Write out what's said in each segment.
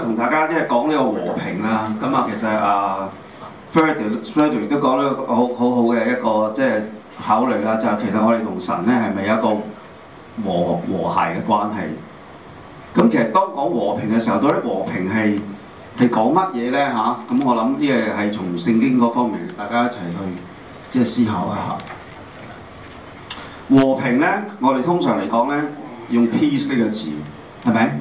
同大家即係講呢個和平啦，咁啊其實啊，Freddy、Freddie 都講咗好好好嘅一個即係考慮啦，就係其實我哋同神咧係咪有一個和和諧嘅關係？咁其實當講和平嘅時候，到底和平係係講乜嘢咧嚇？咁我諗呢個係從聖經嗰方面，大家一齊去即係思考一下。和平咧，我哋通常嚟講咧，用 peace 呢個詞，係咪？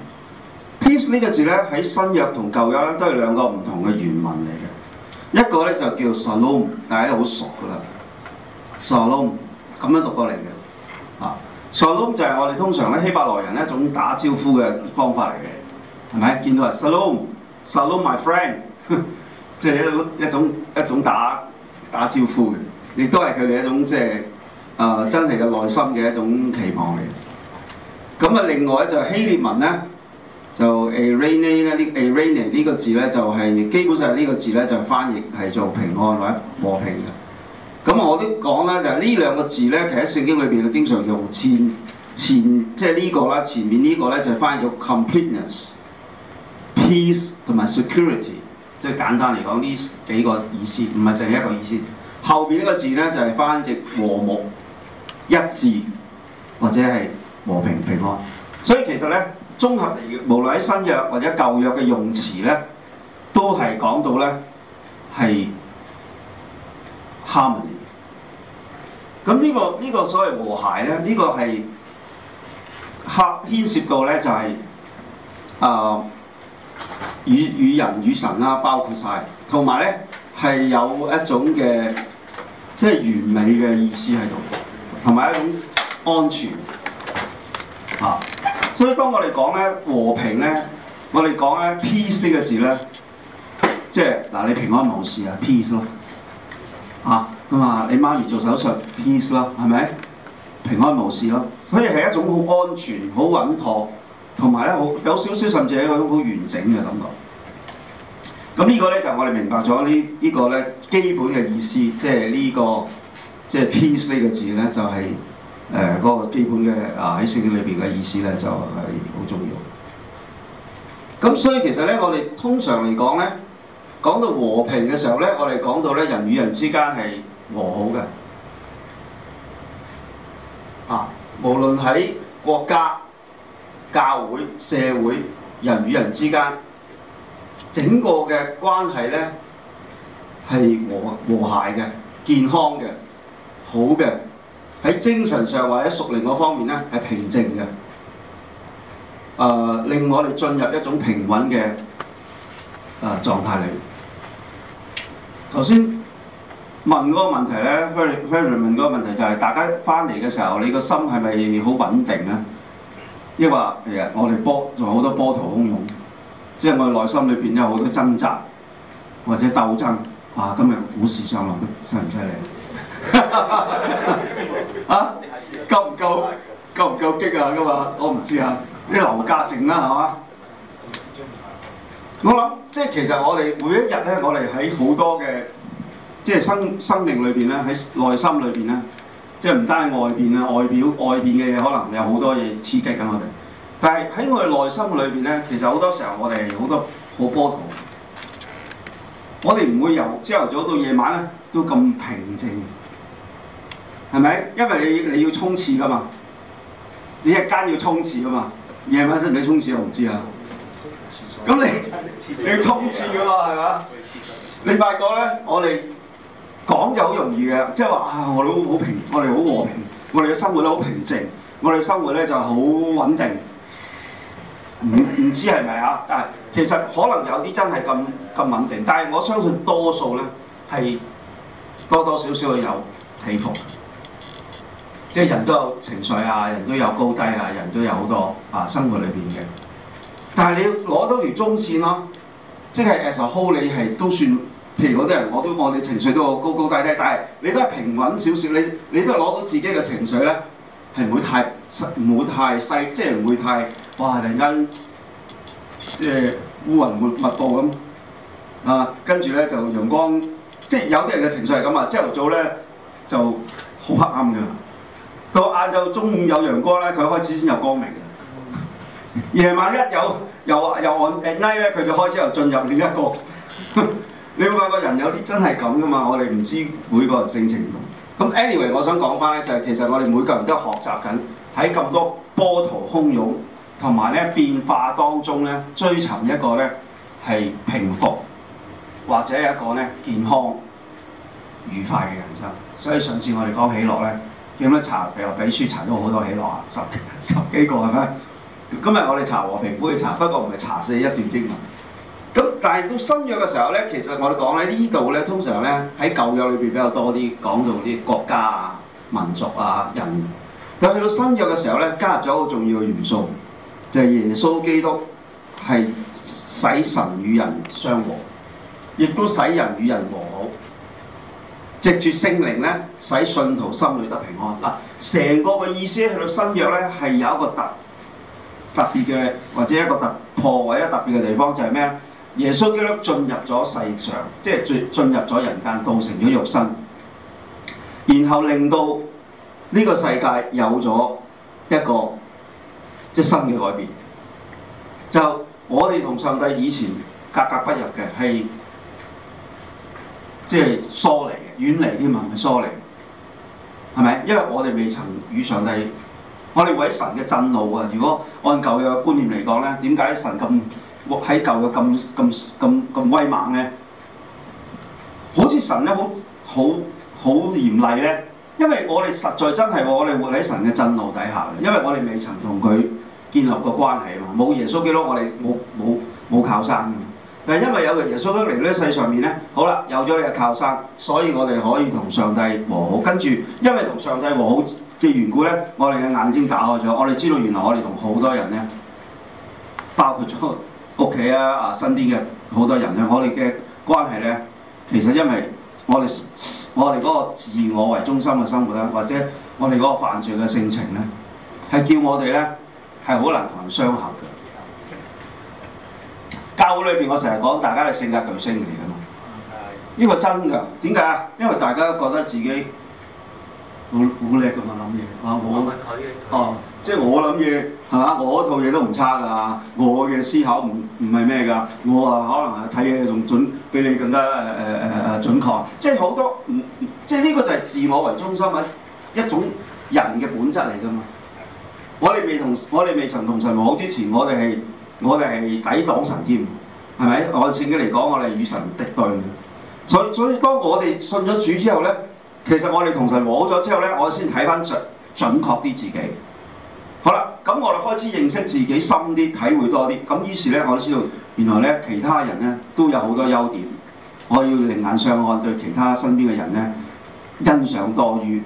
呢個字咧喺新約，舊約呢同舊約咧都係兩個唔同嘅原文嚟嘅，一個咧就叫 Shalom，大家都好熟噶啦，Shalom 咁樣讀過嚟嘅啊，Shalom 就係我哋通常咧希伯來人一種打招呼嘅方法嚟嘅，係咪？見到 Shalom，Shalom my friend，即係、就是、一種一種一種打打招呼嘅，亦都係佢哋一種即係啊、呃、真係嘅內心嘅一種期望嚟。咁、嗯、啊，另外咧就係希臘文咧。就 Aranee 咧，呢 Aranee 呢個字呢，就係、是、基本上呢個字呢，就是、翻譯係做平安或者和平嘅。咁我都講啦，就係呢兩個字呢，其實聖經裏邊經常用前前，即係呢、這個啦，前面呢個呢，就係、是、翻譯做 completeness、peace 同埋 security，即係簡單嚟講呢幾個意思，唔係淨係一個意思。後邊呢個字呢，就係、是、翻譯和睦、一致或者係和平平安。所以其實呢。綜合嚟嘅，無論喺新約或者舊約嘅用詞咧，都係講到咧係 harmony。咁呢、這個呢、這個所謂和諧咧，呢、這個係合牽涉到咧就係、是呃、啊與與人與神啦，包括晒。同埋咧係有一種嘅即係完美嘅意思喺度，同埋一種安全啊。所以當我哋講咧和平咧，我哋講咧 peace 呢個字咧，即係嗱你平安無事啊 peace 咯，啊咁啊你媽咪做手術 peace 咯，係咪平安無事咯？所以係一種好安全、好穩妥，同埋咧好有少少甚至係一種好完整嘅感覺。咁呢個咧就是、我哋明白咗、這個、呢呢個咧基本嘅意思，即係呢、這個即係 peace 呢個字咧就係、是。誒嗰、呃那個基本嘅啊喺聖經裏邊嘅意思咧，就係、是、好重要。咁所以其實咧，我哋通常嚟講咧，講到和平嘅時候咧，我哋講到咧人與人之間係和好嘅啊，無論喺國家、教會、社會、人與人之間，整個嘅關係咧係和和諧嘅、健康嘅、好嘅。喺精神上或者屬靈嗰方面呢，係平靜嘅。誒、呃，令我哋進入一種平穩嘅誒狀態嚟。頭、呃、先問嗰個問題咧，Ferry Ferry 問嗰個問題就係、是、大家翻嚟嘅時候，你個心係咪好穩定呢？亦或其實我哋波仲好多波濤洶湧，即係我內心裏邊有好多掙扎或者鬥爭。啊，今日股市上落得犀唔犀利？厲 啊！夠唔夠夠唔夠激啊？今日我唔知啊。你樓價定啦，係嘛？我諗， 即係其實我哋每一日咧，我哋喺好多嘅，即係生生命裏邊咧，喺內心裏邊咧，即係唔單係外邊啊，外表外邊嘅嘢，可能有好多嘢刺激緊我哋。但係喺我哋內心裏邊咧，其實好多時候我哋好多好波動，我哋唔會由朝頭早到夜晚咧都咁平靜。係咪？因為你你要衝刺㗎嘛，你日間要衝刺㗎嘛。夜晚識唔識衝刺我唔知啊。咁 你你要衝刺㗎嘛，係嘛？是是 你發覺咧，我哋講就好容易嘅，即係話啊，我哋好平，我哋好和平，我哋嘅生活咧好平靜，我哋嘅生活咧就好穩定。唔唔知係咪啊？但係其實可能有啲真係咁咁穩定，但係我相信多數咧係多多少少會有起伏。即係人都有情緒啊，人都有高低啊，人都有好多啊，生活裏邊嘅。但係你要攞到條中線咯，啊，即係 as a whole 你係都算，譬如嗰啲人我都講，你情緒都好高高低低，但係你都係平穩少少，你你都係攞到自己嘅情緒咧，係唔會太唔會太細，即係唔會太哇突然間即係烏雲密布咁啊，跟住咧就陽光，即係有啲人嘅情緒係咁啊，朝頭早咧就好黑暗㗎。到晏晝中午有陽光咧，佢開始先有光明；夜 晚一有又按，at night 咧，佢就開始又進入另一個。 你會發覺個人有啲真係咁㗎嘛？我哋唔知每個人性情。咁 anyway，我想講翻咧，就係、是、其實我哋每個人都學習緊喺咁多波濤洶湧同埋咧變化當中咧，追尋一個咧係平復或者一個咧健康愉快嘅人生。所以上次我哋講喜樂咧。點樣查？譬如話俾書查到好多喜樂，十幾十幾個係咪？今日我哋查和平杯查，不過唔係查死一段經文。咁但係到新約嘅時候咧，其實我哋講喺呢度咧，通常咧喺舊約裏邊比較多啲講到啲國家啊、民族啊人。但去到新約嘅時候咧，加入咗好重要嘅元素，就係耶穌基督係使神與人相和，亦都使人與人和好。藉住聖靈使信徒心裏得平安。嗱，成個嘅意思去到新約咧，係有一個特特別嘅，或者一個突破位一特別嘅地方，就係咩咧？耶穌基督進入咗世上，即係進入咗人間，道成咗肉身，然後令到呢個世界有咗一個新嘅改變。就我哋同上帝以前格格不入嘅，係即係疏離。遠離添啊，疏離，係咪？因為我哋未曾與上帝，我哋活喺神嘅震怒啊！如果按舊約嘅觀念嚟講咧，點解神咁喺舊約咁咁咁咁威猛咧？好似神咧好好好嚴厲咧，因為我哋實在真係我哋活喺神嘅震怒底下嘅，因為我哋未曾同佢建立過關係啊嘛，冇耶穌基督，我哋冇冇冇靠山。但因為有耶穌都嚟到呢世上面咧，好啦，有咗你嘅靠山，所以我哋可以同上帝和好。跟住，因為同上帝和好嘅緣故咧，我哋嘅眼睛打開咗，我哋知道原來我哋同好多人咧，包括咗屋企啊、身邊嘅好多人咧，我哋嘅關係咧，其實因為我哋我哋嗰個自我為中心嘅生活咧，或者我哋嗰個犯罪嘅性情咧，係叫我哋咧係好難同人相合。教會裏邊，裡面我成日講大家係性格巨星嚟嘅嘛，呢個的真嘅。點解啊？因為大家都覺得自己好好叻咁啊，諗嘢他啊，啊，我咪佢嘅即係我諗嘢係嘛，我套嘢都唔差㗎，我嘅思考唔唔係咩㗎，我啊可能係睇嘢仲準，比你更加誒誒誒準確。即係好多唔、嗯、即係呢個就係自我為中心啊，一種人嘅本質嚟㗎嘛。我哋未同我哋未曾同神和好之前，我哋係。我哋係抵擋神添，係咪？按正經嚟講，我哋與神敵對的。所以所以，當我哋信咗主之後呢，其實我哋同神和好咗之後呢，我先睇返準準確啲自己。好啦，咁我哋開始認識自己深啲，體會多啲。咁於是咧，我都知道原來咧，其他人咧都有好多優點。我要另眼相看對其他身邊嘅人呢，欣賞多於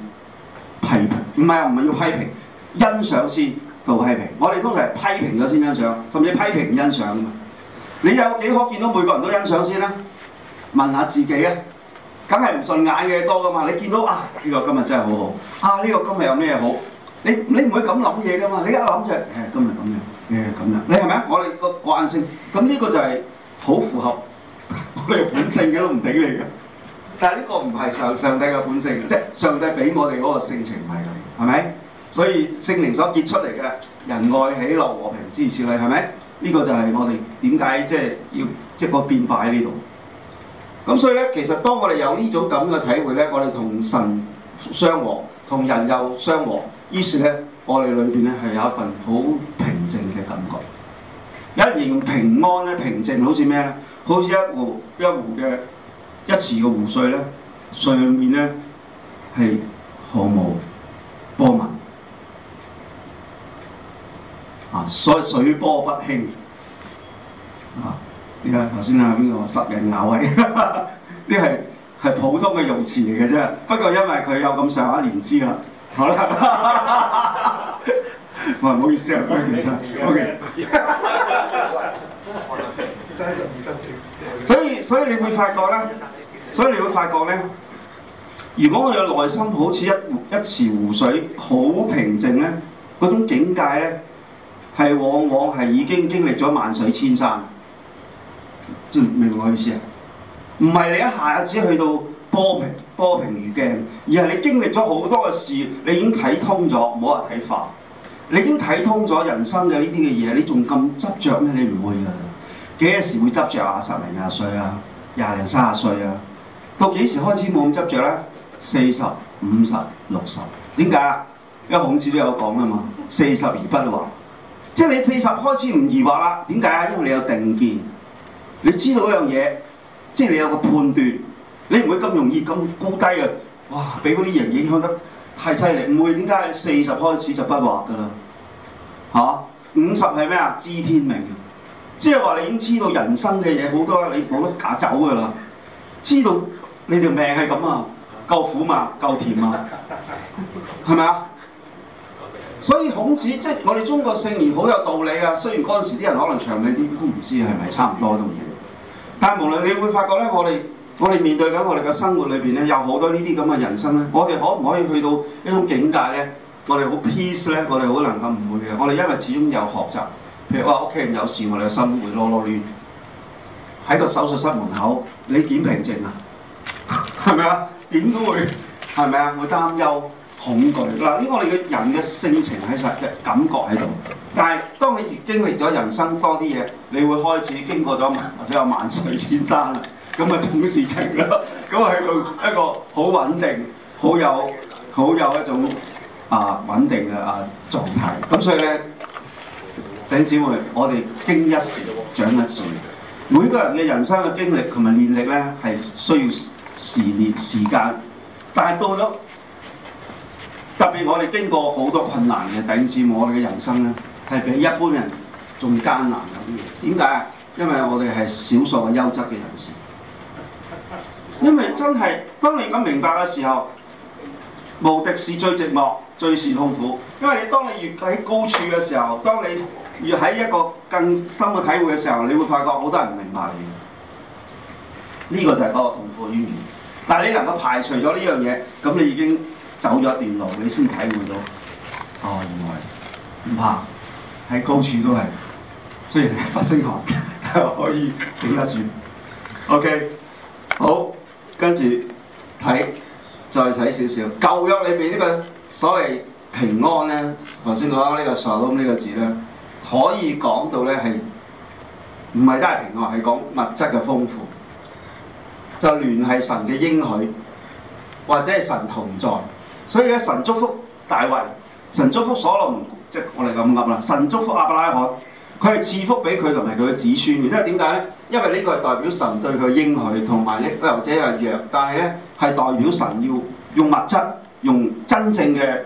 批評。唔係啊，唔係要批評，欣賞先。做批評，我哋通常係批評咗先欣賞，甚至批評欣賞噶嘛。你有幾可見到每個人都欣賞先啦、啊？問下自己啊，梗係唔順眼嘅多噶嘛。你見到啊呢、這個今日真係好好，啊呢、這個今日有咩好？你你唔會咁諗嘢噶嘛？你一諗就誒、是哎、今日咁樣，誒、哎、咁樣，你係咪啊？我哋個慣性，咁呢個就係好符合 我哋本性嘅都唔頂你嘅。 但係呢個唔係上上帝嘅本性，即、就、係、是、上帝俾我哋嗰個性情唔係咁，係咪？所以聖靈所結出嚟嘅人愛喜樂和平之如此類係咪？呢個就係我哋點解即係要即係個變化喺呢度。咁所以咧，其實當我哋有呢種咁嘅體會咧，我哋同神相和，同人又相和。於是咧，我哋裏邊咧係有一份好平靜嘅感覺。一形容平安咧，平靜好似咩咧？好似一湖一湖嘅一池嘅湖水咧，上面咧係毫無波紋。啊！所以水波不興啊！依家頭先啊，呢、呢個十人咬啊？呢係係普通嘅用詞嚟嘅啫。不過因為佢有咁上下年資啦，好啦，我唔、 啊、好意思啊，你其實你 OK。真係十二生肖。所以所以你會發覺咧，所以你會發覺咧，如果我哋嘅內心好似一一池湖水好平靜咧，嗰種境界咧。係往往係已經經歷咗萬水千山，即係明唔明我意思啊？唔係你一下子去到波平波平如鏡，而係你經歷咗好多嘅事，你已經睇通咗，唔好話睇化。你已經睇通咗人生嘅呢啲嘅嘢，你仲咁執着咩？你唔會嘅。幾時會執着？啊？十零廿歲啊，廿零三十歲啊，到幾時開始冇咁執着呢？四十五十六十，點解啊？因為孔子都有講㗎嘛，四十而不惑。即係你四十開始唔疑惑啦，點解啊？因為你有定見，你知道嗰樣嘢，即係你有個判斷，你唔會咁容易咁高低啊！哇，俾嗰啲人影響得太犀利，唔會。點解你四十開始就不惑噶啦？嚇、啊，五十係咩啊？知天命，即係話你已經知道人生嘅嘢好多，你冇得假走噶啦，知道你條命係咁啊，夠苦嘛，夠甜嘛，係咪啊？所以孔子即係我哋中國聖賢好有道理啊。雖然嗰陣時啲人可能長命啲都唔知係咪差唔多都唔知，但係無論你會發覺咧，我哋我哋面對緊我哋嘅生活裏邊咧，有好多呢啲咁嘅人生咧。我哋可唔可以去到一種境界咧？我哋好 peace 咧，我哋好能夠唔會嘅。我哋因為始終有學習。譬如話屋企人有事，我哋嘅心會囉囉攣。喺個手術室門口，你點平靜啊？係咪啊？點都會？係咪啊？會擔憂。恐懼嗱，呢個我哋嘅人嘅性情喺曬，即係感覺喺度。但係當你越經歷咗人生多啲嘢，你會開始經過咗萬，即係萬水千山啦。咁啊，種事情咯，咁啊去到一個好穩定、好有、好有一種啊穩定嘅啊狀態。咁所以咧，弟兄姊妹，我哋經一事長一智。每個人嘅人生嘅經歷同埋歷練咧，係需要時年時間。但係到咗特別我哋經過好多困難嘅頂置，我哋嘅人生呢係比一般人仲艱難有啲嘢。點解啊？因為我哋係少數嘅優質嘅人士。因為真係當你咁明白嘅時候，無敵是最寂寞、最是痛苦。因為你當你越喺高處嘅時候，當你越喺一個更深嘅體會嘅時候，你會發覺好多人唔明白你。呢個就係嗰個痛苦嘅源頭。但你能夠排除咗呢樣嘢，咁你已經，走咗一段路，你先體會到哦！原來唔怕喺高處都係，雖然係發緊汗， 但係可以頂得住。O、okay, K，好，跟住睇，再睇少少。舊約裏面呢個所謂平安呢，頭先講呢個 shalom 呢個字咧，可以講到呢係唔係單係平安，係講物質嘅豐富，就聯繫神嘅應許，或者係神同在。所以咧，神祝福大衛，神祝福所羅門，即係我哋咁噏啦。神祝福亞伯拉罕，佢係賜福俾佢同埋佢嘅子孫。而家點解咧？因為呢個係代表神對佢嘅應許，同埋亦或者係約。但係咧，係代表神要用物質，用真正嘅，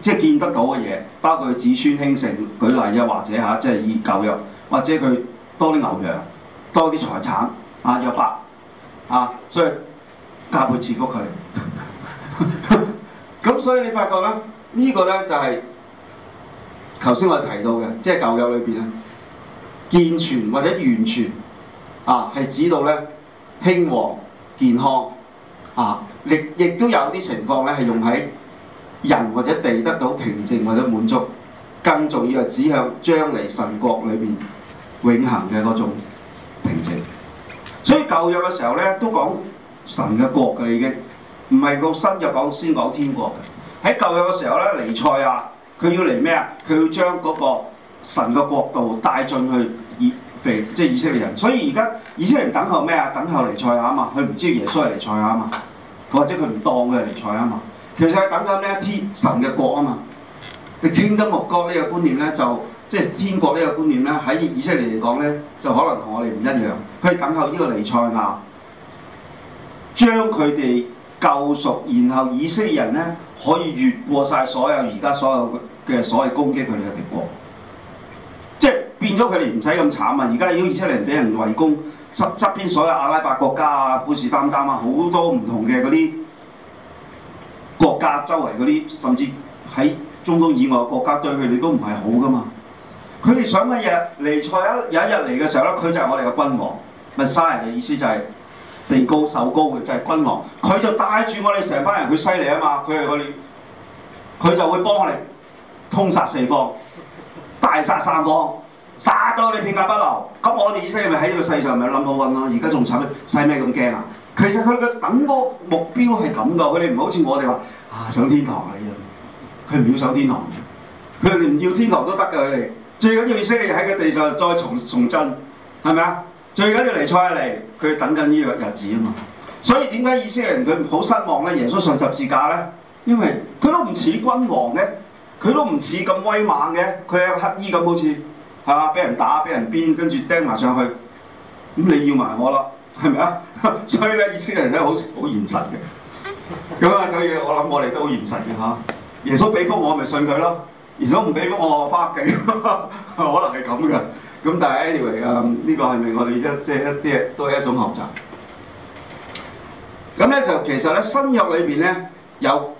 即係見得到嘅嘢，包括佢子孫興盛，舉例啊，或者嚇，即、啊、係、就是、以舊約，或者佢多啲牛羊，多啲財產，啊約伯。啊所以加倍賜福佢。 咁所以你發覺咧，這個、呢個咧就係頭先我提到嘅，即係舊約裏邊，健全或者完全啊，係指到呢，興旺、健康啊，亦亦都有啲情況呢係用喺人或者地得到平靜或者滿足，更重要係指向將嚟神國裏面永恆嘅嗰種平靜。所以舊約嘅時候呢，都講神嘅國㗎已經。唔係到新就講先講天國嘅。喺舊約嘅時候咧，尼賽亞佢要嚟咩啊？佢要將嗰個神嘅國度帶進去以，即係以色列人。所以而家以色列人等候咩啊？等候尼賽亞啊嘛，佢唔知耶穌係尼賽亞啊嘛，或者佢唔當佢係尼賽亞啊嘛。其實係等緊呢天神嘅國啊嘛。佢 The Kingdom of God 呢個觀念咧，就即係天國呢個觀念咧，喺以色列嚟講咧，就可能同我哋唔一樣。佢等候呢個尼賽亞，將佢哋。救贖，然後以色列人呢，可以越過晒所有而家所有嘅所有攻擊佢哋嘅敵國，即係變咗佢哋唔使咁慘啊！而家已經以色列人俾人圍攻，側側邊所有阿拉伯國家啊，虎視眈眈啊，好多唔同嘅嗰啲國家周圍嗰啲，甚至喺中東以外嘅國家對佢哋都唔係好噶嘛。佢哋想嘅嘢嚟賽一,一有一日嚟嘅時候咧，佢就係我哋嘅君王。彌賽亞嘅意思就係、是？地高手高嘅就係君王，佢就帶住我哋成班人，佢犀利啊嘛！佢係去，佢就會幫我哋通殺四方，大殺三方，殺到你片甲不留。咁我哋以色列咪喺呢個世上咪諗好運咯？而家仲慘，使咩咁驚啊？其實佢哋嘅整個目標係咁噶，佢哋唔好似我哋話啊上天堂啊啲人，佢唔要上天堂，佢哋唔要天堂都得嘅。佢哋最緊要以色列喺個地上再重重振，係咪啊？最緊要彌賽亞嚟，佢等緊呢個日子啊嘛。所以點解以色列人佢唔好失望咧？耶穌上十字架咧，因為佢都唔似君王嘅，佢都唔似咁威猛嘅，佢係乞衣咁，好似嚇俾人打、俾人鞭，跟住釘埋上去。咁你要埋我啦，係咪 啊？所以咧，以色列人都好好現實嘅。咁啊，所以我諗我哋都好現實嘅嚇。耶穌俾福我咪信佢咯，耶穌唔俾福我我返屋企， 可能係咁嘅。咁但係，anyway，啊、嗯，呢、這個係咪我哋一即係一啲都係一種學習。咁咧就其實咧新約裏邊咧有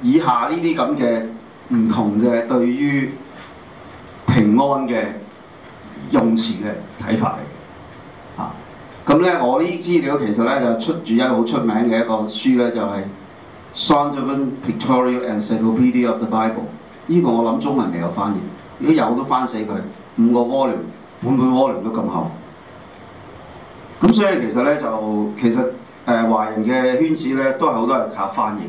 以下呢啲咁嘅唔同嘅對於平安嘅用詞嘅睇法嚟嘅。啊，咁一咧我呢啲資料其實咧就出住一個好出名嘅一個書咧，就係、是《Zondervan Pictorial Encyclopedia of the Bible》。呢個我諗中文未有翻譯，如果有都翻死佢五個 volume。會唔會窩零到咁厚？咁所以其實呢，就其實誒華、呃、人嘅圈子呢，都係好多人靠翻譯，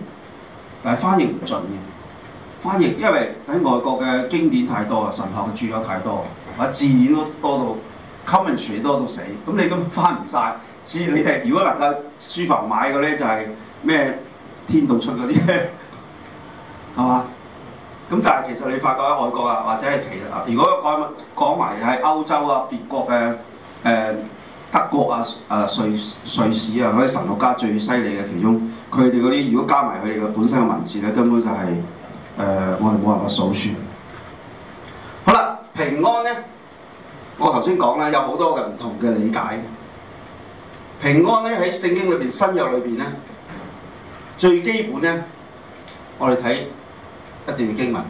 但係翻譯唔準嘅。翻譯因為喺外國嘅經典太多，神學嘅注解太多，啊，字典都多到 commentary 吸引住多到死，咁你根本翻唔曬。只你哋如果能夠書房買嘅呢，就係、是、咩天道出嗰啲咩，好 嘛？咁但係其實你發覺喺外、啊、國啊，或者係其他，如果講講埋係歐洲啊、別國嘅誒德國啊、啊瑞瑞士啊，嗰啲神學家最犀利嘅其中，佢哋嗰啲如果加埋佢哋嘅本身嘅文字咧，根本就係、是、誒、呃、我哋冇辦法數算。好啦，平安咧，我頭先講咧有好多嘅唔同嘅理解。平安咧喺聖經裏邊新約裏邊咧，最基本咧，我哋睇。一段經文，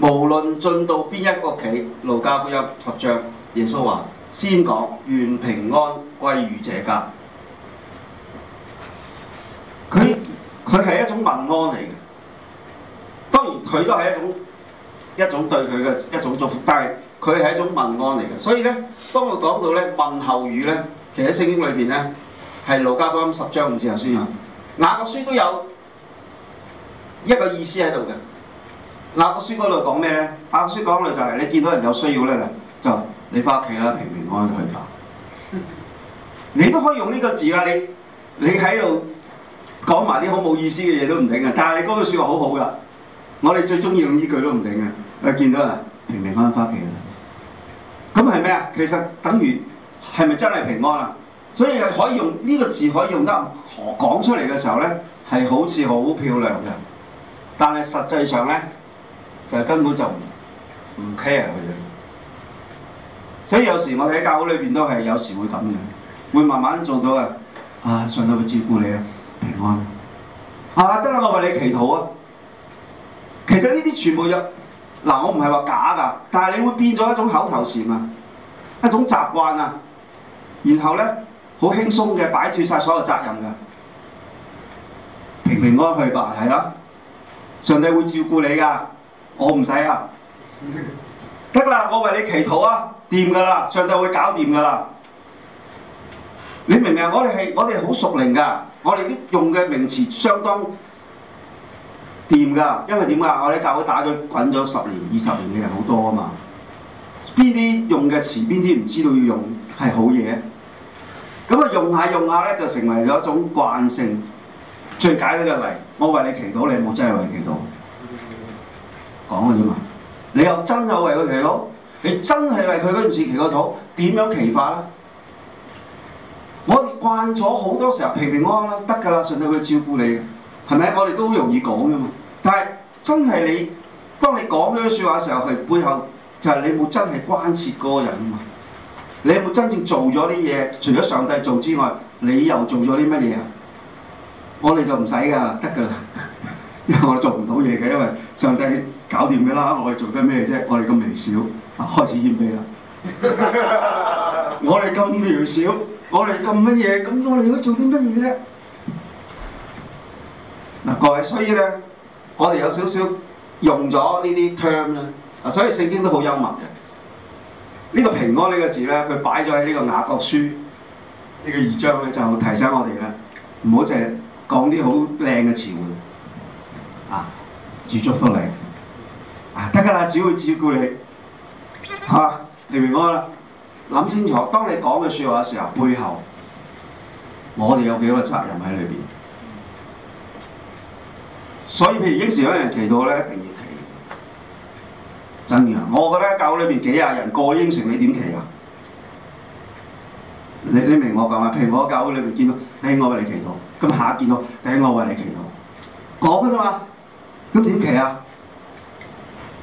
無論進到邊一個屋企，路加福音十章，耶穌話：先講願平安歸於這家。佢佢係一種問安嚟嘅，當然佢都係一種一種對佢嘅一種祝福，但係佢係一種問安嚟嘅。所以呢，當我講到呢問候語呢，其實喺聖經裏邊呢，係路加福音十章五字頭先有，哪個書都有。一個意思喺度嘅，雅各書嗰度講咩咧？雅各書講嘅就係你見到人有需要咧，就你翻屋企啦，平平安安去吧。 你都可以用呢個字啊，你你喺度講埋啲好冇意思嘅嘢都唔頂啊，但係你嗰句説話好好噶，我哋最中意用呢句都唔頂嘅。你見到人平平安安翻屋企啦。咁係咩啊？其實等於係咪真係平安啊？所以可以用呢、呢個字可以用得講出嚟嘅時候咧，係好似好漂亮嘅。但係實際上呢，就是、根本就唔 care 佢。所以有時我哋喺教會裏面都係有時會噉樣，會慢慢做到嘅。啊，上帝會照顧你啊，平安啊！得啦，我為你祈禱啊！其實呢啲全部入嗱、啊，我唔係話假噶，但係你會變咗一種口頭禪啊，一種習慣啊。然後呢，好輕鬆嘅擺脱曬所有責任嘅，平平安安去吧，係啦。上帝會照顧你㗎，我唔使啊，得啦， 我為你祈禱啊，掂㗎啦，上帝會搞掂㗎啦。你明唔明啊？我哋係我哋係好熟靈㗎，我哋用嘅名詞相當掂㗎，因為點啊？我哋教會打咗滾咗十年、二十年嘅人好多啊嘛。邊啲用嘅詞，邊啲唔知道要用係好嘢。咁啊，用下用下咧，就成為咗一種慣性。最解呢個例。我為你祈禱，你有冇真係為你祈禱？講嘅啫嘛，你又真有為佢祈禱？你真係為佢嗰件事祈個禱，點樣祈法呢？我們慣咗好多時候平平安安啦，得㗎啦，上帝會照顧你，係咪？我哋都容易講嘅嘛。但係真係你，當你講呢啲説話嘅時候，佢背後就係你有冇真係關切嗰個人啊？嘛，你有冇真正做咗啲嘢？除咗上帝做之外，你又做咗啲乜嘢？我哋就唔使㗎，得㗎啦， 因為我哋做唔到嘢嘅，因為上帝搞掂㗎啦，我哋做啲咩啫？我哋咁微小，開始謙卑啦。 我哋咁渺小，我哋咁乜嘢？咁我哋應該做啲乜嘢咧？嗱，各位，所以咧，我哋有少少用咗呢啲 term 呢。所以聖經都好幽默嘅。呢、呢個平安呢個字呢，佢擺咗喺呢個雅各書呢個二章咧，就提醒我哋呢，唔好淨。講啲好靚嘅詞彙，啊，煮粥翻嚟，啊得噶啦，只會照顧你，係、啊、嘛？你明我啦？諗清楚，當你講嘅說話嘅時候，背後我哋有幾多個責任喺裏邊。所以譬如應承有人祈禱咧，一定要祈禱。真嘅，我覺得教會裏邊幾廿人過應承你點祈啊？你你明我講嘛？譬如我喺教會裏邊見到，哎，我幫你祈禱。咁下一見到，第一我為你祈禱，講噶啦嘛，咁點祈啊？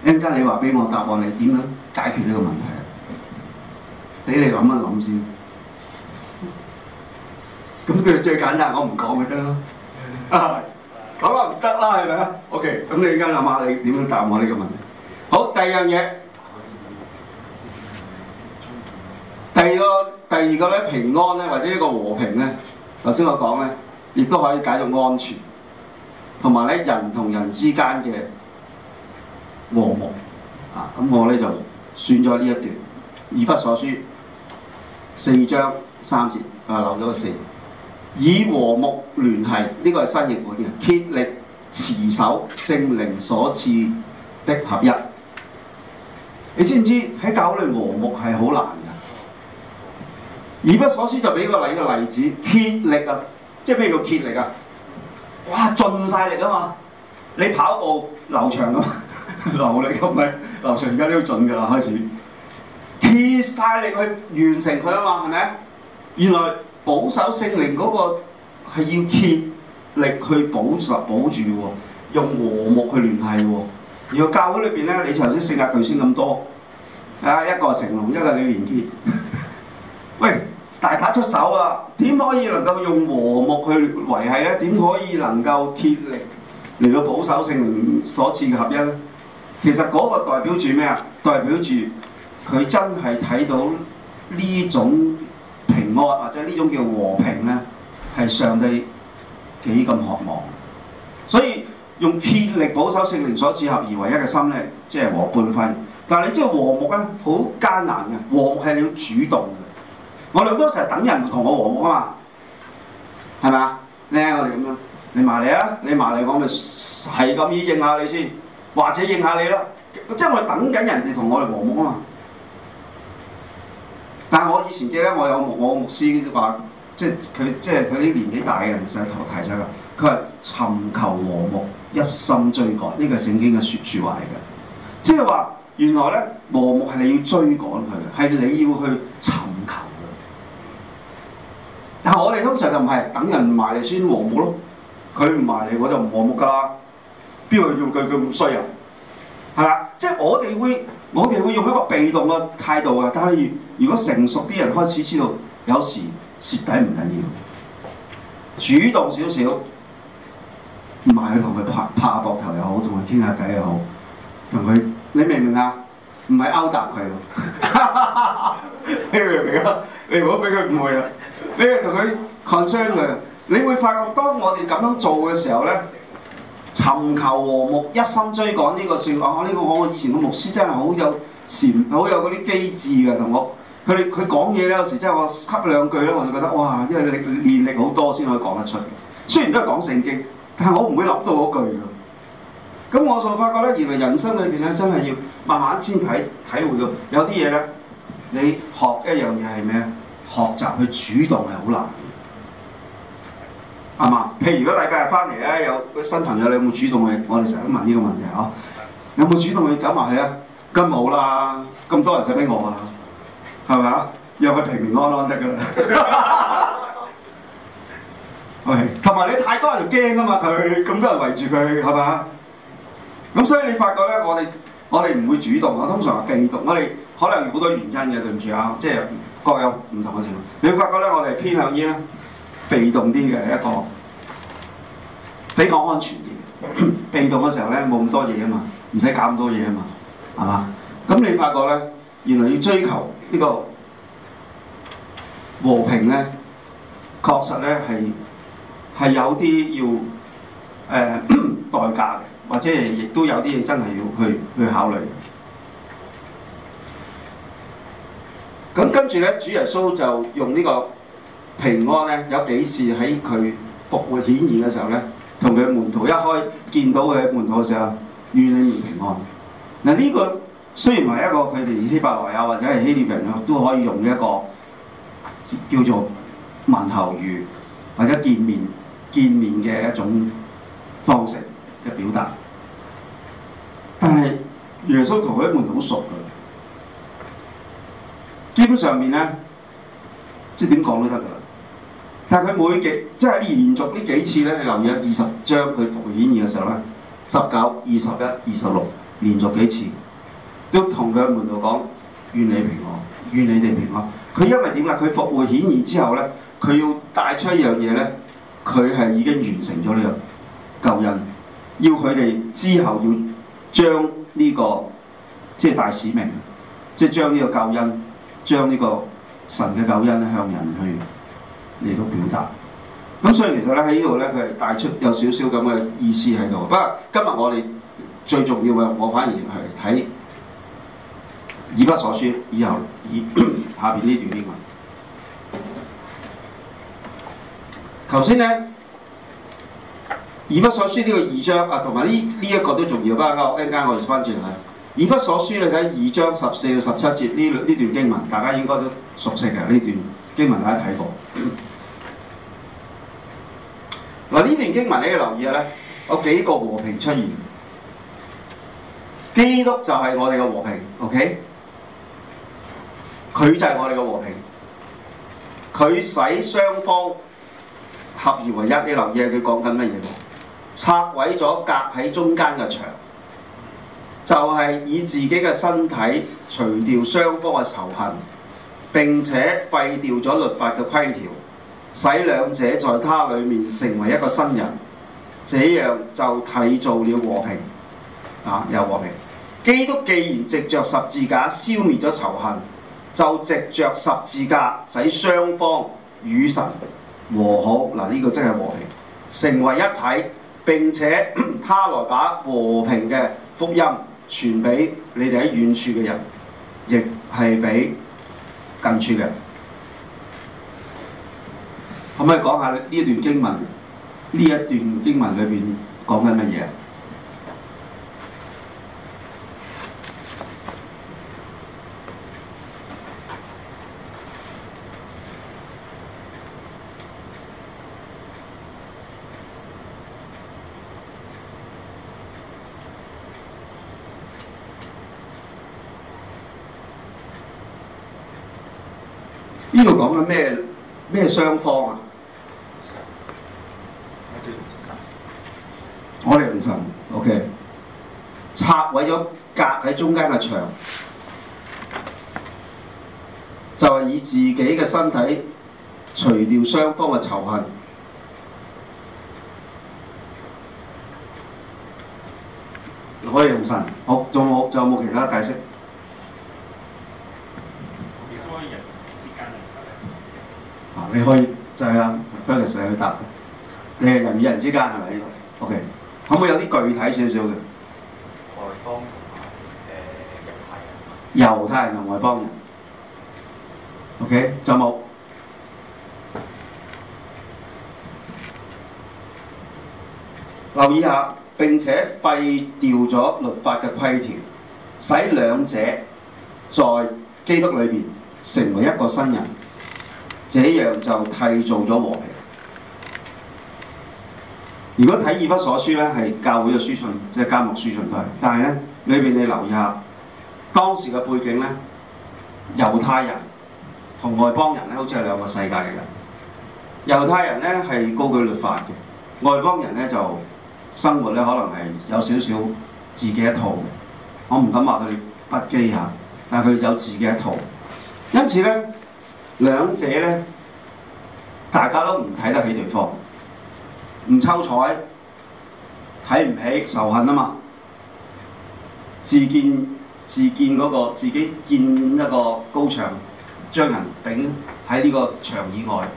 陣間你話俾我答案，你點樣解決呢個問題啊？俾你諗一諗先。咁最最簡單，我唔講咪得咯。啊，咁啊唔得啦，係咪啊？OK，咁你而家諗下，你點樣答我呢個問題？好，第二樣嘢，第二個第二個咧，平安咧，或者一個和平咧，頭先我講咧。亦都可以解作安全，同埋咧人同人之間嘅和睦啊！咁我咧就選咗呢一段，以弗所書四章三節啊，留咗個四，以和睦聯繫呢、這個係新譯本嗰啲啊，竭力持守聖靈所賜的合一。你知唔知喺教會和睦係好難噶？以弗所書就俾個例嘅例子，竭力啊！即係咩叫竭力㗎、啊？哇，盡晒力啊嘛！你跑步劉翔啊嘛， 劉力咁咪劉翔而家都要盡㗎啦，開始竭晒力去完成佢啊嘛，係咪？原來保守聖靈嗰個係要竭力去保守，保住喎、啊，用和睦去聯繫喎。然後教會裏邊咧，你頭先性格巨星咁多，啊一個成龍，一個李連杰， 喂！大打出手啊！點可以能夠用和睦去維繫咧？點可以能夠竭力嚟到保守聖靈所賜嘅合一咧？其實嗰個代表住咩啊？代表住佢真係睇到呢種平安或者呢種叫和平咧，係上帝幾咁渴望。所以用竭力保守聖靈所賜合而為一嘅心咧，即係和半分。但係你知道和睦咧，好艱難嘅，和睦係你要主動。我哋都成日等人同我和睦啊嘛，係咪啊？你睇我哋咁樣，你埋嚟啊！你埋嚟，我咪係咁意應下你先，或者應下你啦。即係我哋等緊人哋同我哋和睦啊嘛。但係我以前記得我，我有我牧師話，即係佢即係佢啲年紀大嘅人喺度提出嘅。佢話尋求和睦，一心追趕，呢、這個係聖經嘅説説話嚟嘅。即係話原來咧和睦係你要追趕佢，嘅，係你要去尋求。但係我哋通常就唔係等人埋嚟先和睦咯，佢唔埋嚟我就唔和睦噶啦，邊個要佢咁衰啊？係嘛？即係我哋會，我哋會用一個被動嘅態度啊！但係如如果成熟啲人開始知道，有時蝕底唔緊要，主動少少，埋去同佢拍拍下膊頭又好，同佢傾下偈又好，同佢你明唔明啊？唔係勾搭佢喎，你明唔 明啊？你唔好俾佢誤會啊！你同佢 concern 嘅，你會發覺當我哋咁樣做嘅時候呢，尋求和睦，一心追趕呢個說話。我、哦、呢、這個我以前個牧師真係好有禪，好有啲機智嘅同我。佢哋佢講嘢呢，有時真係我吸兩句呢，我就覺得哇，因為你見力好多先可以講得出。雖然都係講聖經，但係我唔會諗到嗰句嘅。咁我就發覺呢，原來人生裏邊呢，真係要慢慢先體體會到，有啲嘢呢，你學一樣嘢係咩？學習去主動係好難嘅，係嘛？譬如如果禮拜日翻嚟咧，有個新朋友，你有冇主動去？我哋成日都問呢個問題啊！有冇主動去走埋去啊？梗冇啦，咁多人錫俾我啊，係咪啊？讓佢平平安安得㗎啦。喂，同埋你太多人驚㗎嘛？佢咁多人圍住佢，係咪啊？咁所以你發覺咧，我哋我哋唔會主動啊，通常係被動。我哋可能好多原因嘅，對唔住啊，即係。各有唔同嘅情況，你發覺咧，我哋偏向於咧被動啲嘅一個比較安全啲。 被動嘅時候咧，冇咁多嘢啊嘛，唔使搞咁多嘢啊嘛，係嘛？咁你發覺咧，原來要追求呢個和平咧，確實咧係有啲要、呃、 代價嘅，或者係亦都有啲嘢真係要去去考慮。咁跟住咧，主耶穌就用呢個平安咧，有幾次喺佢復活顯現嘅時候咧，同佢門徒一開見到佢門徒嘅時候，願你們平安。嗱、這、呢個雖然係一個佢哋希伯來啊或者係希臘人啊都可以用嘅一個叫做問候語或者見面見面嘅一種方式嘅表達，但係耶穌同佢啲門徒好熟㗎。基本上面咧，即係點講都得㗎喇。但係佢每幾，即係呢連續呢幾次咧，留意啦，二十章佢復活顯現嘅時候呢，十九、二十一、二十六，連續幾次都同佢門徒講願你平安，願你哋平安。佢因為點啊？佢復活顯現之後呢，佢要帶出一樣嘢咧，佢係已經完成咗呢個救恩，要佢哋之後要將呢個，即係大使命，即係將呢個救恩。將呢個神嘅救恩向人去嚟到表達，咁所以其實咧，喺呢度咧，佢係帶出有少少咁嘅意思喺度。不過今日我哋最重要嘅，我反而係睇《以弗所書》以後下邊呢段經文。頭先咧，《以弗所書》呢個二章啊，同埋呢呢一個都重要，不過一陣間我哋翻轉啦。以弗所書咧，睇二章十四到十七節呢段經文，大家應該都熟悉嘅。呢段經文大家睇過。嗱，呢 段經文你要留意下，咧，有幾個和平出現。基督就係我哋嘅和平，OK？佢就係我哋嘅和平，佢、okay？使雙方合而為一。你要留意下佢講緊乜嘢？拆毀咗隔喺中間嘅牆。就係以自己嘅身體除掉雙方嘅仇恨，並且廢掉咗律法嘅規條，使兩者在他裏面成為一個新人。這樣就締造了和平，啊，有和平。基督既然藉着十字架消滅咗仇恨，就藉着十字架使雙方與神和好。嗱、啊，呢、這個真係和平，成為一體。並且他來把和平嘅福音。傳俾你哋喺遠處嘅人，亦係俾近處嘅人。可唔可以講下呢段經文？呢一段經文裏面講緊乜嘢？呢度講緊咩咩雙方啊？我哋用神，OK，拆毀咗隔喺中間嘅牆，就係、是、以自己嘅身體除掉雙方嘅仇恨。我哋用神，好，仲有冇？仲有冇其他解釋？你可以就係啊，Felix 嚟去答。你係人與人之間係咪？O K，可唔可以有啲具體少少嘅？外邦人猶太人，猶太人同外邦人。O K，就冇。留意一下，並且廢掉咗律法嘅規條，使兩者在基督裏面成為一個新人。這樣就締造咗和平。如果睇《以弗所書》咧，係教會嘅書信，即係監獄書信都係。但係咧，裏邊你留意下當時嘅背景呢，猶太人同外邦人咧，好似係兩個世界嘅人。猶太人呢係高舉律法嘅，外邦人呢就生活呢可能係有少少自己一套嘅。我唔敢話佢不羈啊，但係佢有自己一套。因此呢。兩者咧，大家都唔睇得起對方，唔抽彩，睇唔起仇恨啊嘛！自建自建嗰、那個，自己建一個高牆，將人頂喺呢個牆以外，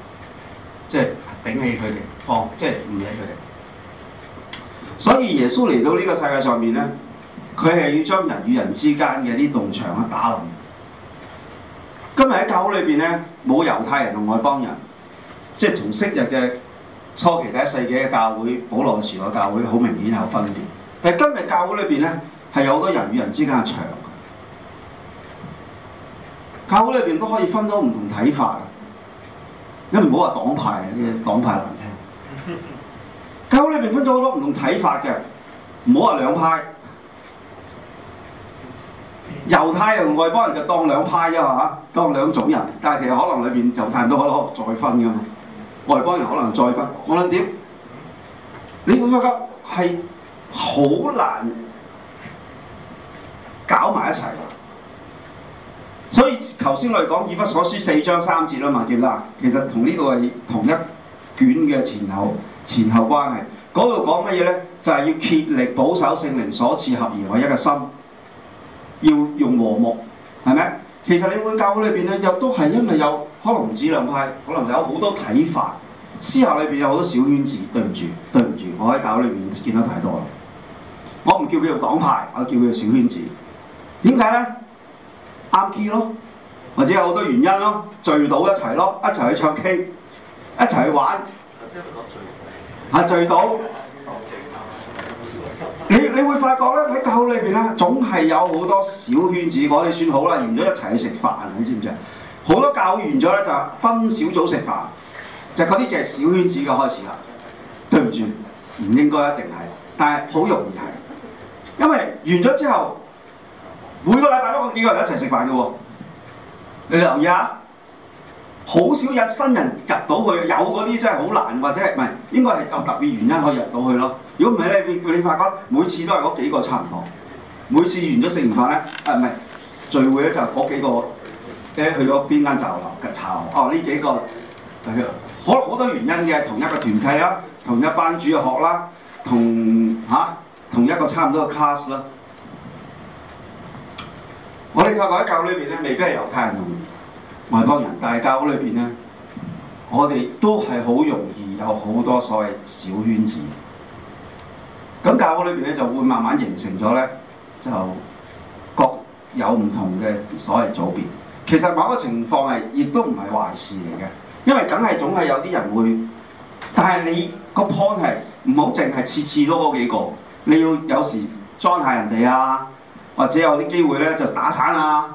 即係頂起佢哋，放即係唔理佢哋。所以耶穌嚟到呢個世界上面呢，佢係要將人與人之間嘅呢堵牆打爛。今日喺教會裏面咧，冇猶太人同外邦人，即係從昔日嘅初期第一世紀嘅教會，保羅時代教會好明顯有分別。但係今日教會裏面咧，係有好多人與人之間嘅牆。教會裏面都可以分到唔同睇法，你唔好話黨派，啲黨派難聽。 教會裏面分到好多唔同睇法嘅，唔好話兩派。猶太人同外邦人就當兩派啫嘛、啊？當兩種人，但係其實可能裏面就猶太人都可能再分噶嘛，外邦人可能再分，無論點，你會覺得係好難搞埋一齊。所以頭先我哋講《以弗所書》四章三節啦，麥結啦，其實同呢個係同一卷嘅前後前後關係。嗰度講乜嘢呢？就係、是、要竭力保守聖靈所賜合而為一嘅心。要用和睦，係咪？其實你會教會裏邊咧，又都係因為有可能唔止兩派，可能有好多睇法，私下裏邊有好多小圈子。對唔住，對唔住，我喺教會裏邊見得太多啦。我唔叫佢做黨派，我叫佢做小圈子。點解咧？啱 K 咯，或者有好多原因咯，聚到一齊咯，一齊去唱 K，一齊去玩。頭先佢講聚，聚到。你會發覺咧喺教會裏邊咧，總係有好多小圈子。我哋算好啦，完咗一齊去食飯，你知唔知啊？好多教會完咗咧就分小組食飯，就嗰啲嘅小圈子嘅開始啦。對唔住，唔應該一定係，但係好容易係，因為完咗之後每個禮拜都嗰幾個人一齊食飯嘅喎。你留意下，好少有新人入到去，有嗰啲真係好難，或者係唔係應該係有特別原因可以入到去咯？如果唔係咧，你會你會發覺每次都係嗰幾個差唔多，每次完咗食完飯呢，誒唔係聚會咧就嗰幾個誒去咗邊間酒樓嘅茶樓，哦呢幾個，呃哦、幾個好好多原因嘅，同一個團契啦，同一班主學啦、啊，同一個差唔多嘅 class 啦。我哋教會喺教會裏面呢，未必係猶太人同外國人，但係教會裏面呢，我哋都係好容易有好多所謂小圈子。咁教會裏邊咧就會慢慢形成咗咧，就各有唔同嘅所謂組別。其實某個情況係，亦都唔係壞事嚟嘅，因為梗係總係有啲人會。但係你個 point 係唔好淨係次次都嗰幾個，你要有時裝下人哋啊，或者有啲機會咧就打散啊，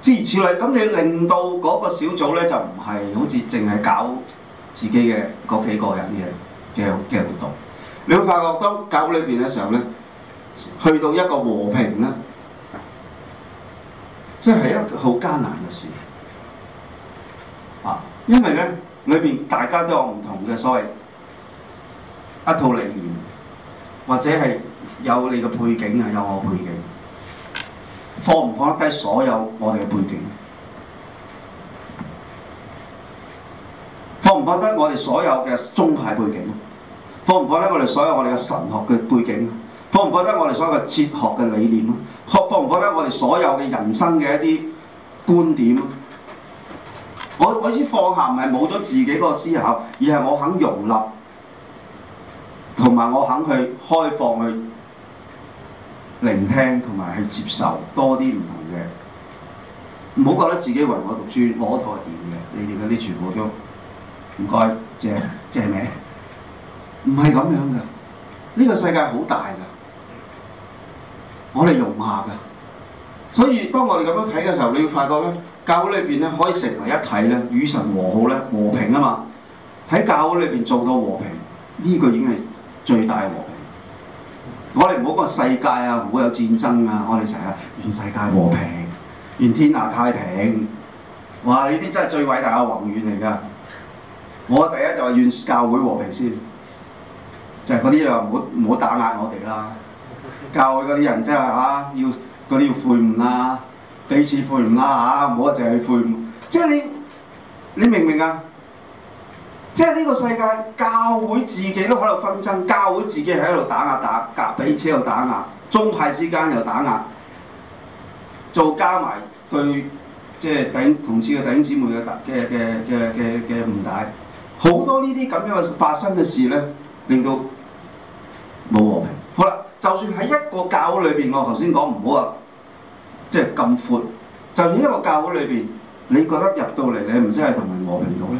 諸如此類。咁你令到嗰個小組咧就唔係好似淨係搞自己嘅嗰幾個人嘅嘅嘅活動。你會發覺當教會裏邊嘅時候咧，去到一個和平咧，即係一個好艱難嘅事啊！因為咧，裏邊大家都有唔同嘅所謂一套理念，或者係有你嘅背景啊，有我背景，放唔放得低所有我哋嘅背景？放唔放得我哋所有嘅宗派背景？放唔放咧？我哋所有我哋嘅神學嘅背景放唔放咧？我哋所有哲學嘅理念放放唔放咧？我哋所有嘅人生嘅一啲觀點，我意思放下唔係冇咗自己嗰個思考，而係我肯容納，同埋我肯去開放去聆聽同埋去接受多啲唔同嘅。唔好覺得自己為我讀書我一套係嘅，你哋嗰啲全部都唔該，謝謝命。唔係咁樣噶，呢個世界好大噶，我哋容下噶。所以當我哋咁樣睇嘅時候，你要發覺咧，教會裏邊咧可以成為一體咧，與神和好咧，和平啊嘛。喺教會裏邊做到和平，呢個已經係最大嘅和平。我哋唔好講世界啊，唔好有戰爭啊。我哋成日願世界和平，願天下太平。哇！呢啲真係最偉大嘅宏願嚟噶。我第一就係願教會和平先。就係嗰啲又唔好唔好打壓我哋啦！教會嗰啲人真係嚇、啊、要嗰啲要悔悟啦，彼此悔悟啦嚇，唔好淨係去悔悟。即係你你明唔明啊？即係呢個世界教會自己都喺度紛爭，教會自己喺度打壓打夾彼此又打壓，宗派之間又打壓，做加埋對即係頂同志嘅頂姊妹嘅嘅嘅嘅嘅誤解，好多呢啲咁樣嘅發生嘅事咧。令到冇和平。好啦，就算喺一個教會裏邊，我頭先講唔好啊，即係咁闊。就算一個教會裏邊，你覺得入到嚟你唔知係同人和平到咧，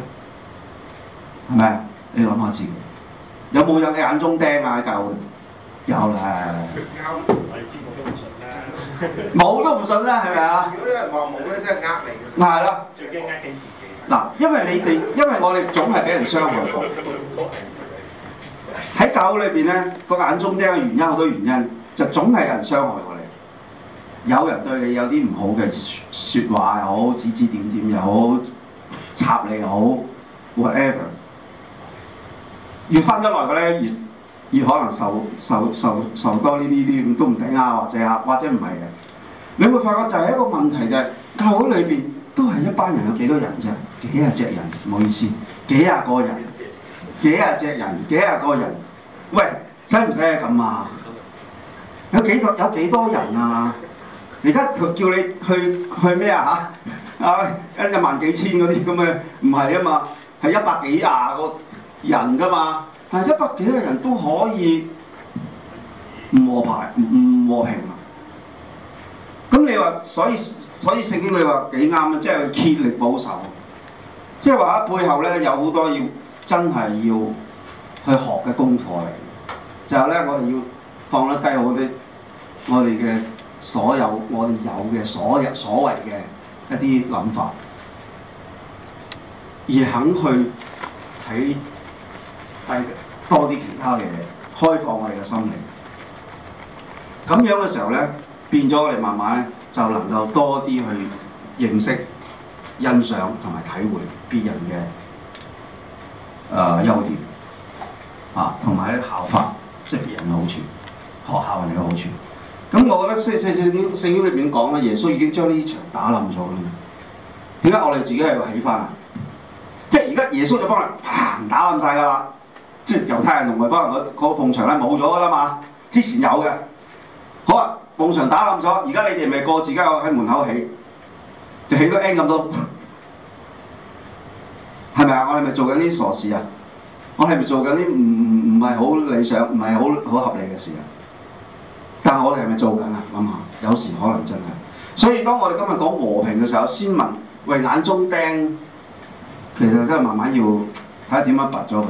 係咪？你諗下自己，有冇入你眼中釘嘅、啊、教會？有啦。冇都唔信啦，係咪啊？ 啊，如果有人話冇咧，即係呃你。係啦。最驚呃你自己。嗱，因為你哋，因為我哋總係俾人傷害過。 喺教會裏邊咧，個眼中釘嘅原因好多原因，就總係有人傷害過你，有人對你有啲唔好嘅説話又好，指指點點又好，插你又好，whatever。越翻得耐嘅咧，越越可能受受受受，受多呢啲啲咁都唔定啊，或者啊，或者唔係嘅。你會發覺就係一個問題就係、是、教會裏邊都係一班人，人，人，有幾多人啫？幾廿隻人，唔好意思，幾廿個人。幾廿隻人，幾廿個人，喂，使唔使咁啊？有幾多有幾多人啊？而家叫你去去咩啊？嚇、哎，啊一萬幾千嗰啲咁嘅唔係啊嘛，係一百幾廿個人啫嘛，但係一百幾個人都可以唔和諧，唔唔和平。咁、啊、你話，所以所以聖經你話幾啱啊？即係要竭力保守，即係話喺背後咧有好多要。真係要去學嘅功課嚟嘅，就係咧我哋要放得低我啲我哋嘅所有我哋有嘅所有所謂嘅一啲諗法，而肯去睇睇多啲其他嘅嘢，開放我哋嘅心理咁樣嘅時候咧，變咗我哋慢慢咧，就能夠多啲去認識、欣賞同埋體會別人嘅，誒、呃、優點啊，同埋啲校法，即係別人嘅好處，學校人嘅好處。咁、嗯、我覺得聖聖聖經聖經裏邊講咧，耶穌已經將呢場打冧咗啦。點解我哋自己喺度起翻啊？即係而家耶穌就幫人砰打冧晒㗎啦！即係猶太人同埋幫人嗰嗰埲牆咧冇咗㗎啦嘛。之前有嘅，好啊，埲牆打冧咗，而家你哋咪過自己喺門口起，就起到 N 咁多。係咪啊？我係咪做緊啲傻事啊？我係咪做緊啲唔唔唔係好理想、唔係好好合理嘅事啊？但係我哋係咪做緊啊？諗下，有時可能真係。所以當我哋今日講和平嘅時候，先問喂眼中釘，其實真係慢慢要睇點樣拔咗佢。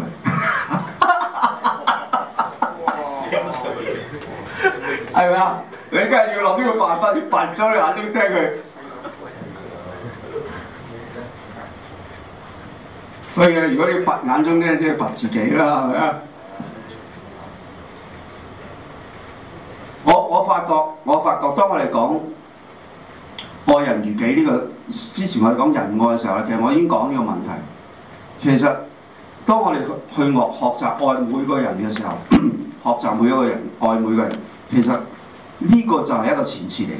係 咪啊？你梗係要諗呢個辦法，要拔咗你眼中釘佢。所以，如果你要拔眼中咧，即係拔自己啦，係咪啊？我我發覺，我發覺，當我哋講愛人如己呢個，之前我哋講仁愛嘅時候咧，其實我已經講呢個問題。其實，當我哋去，去學學習愛每個人嘅時候， 學習每一個人愛每個人，其實呢個就係一個前設嚟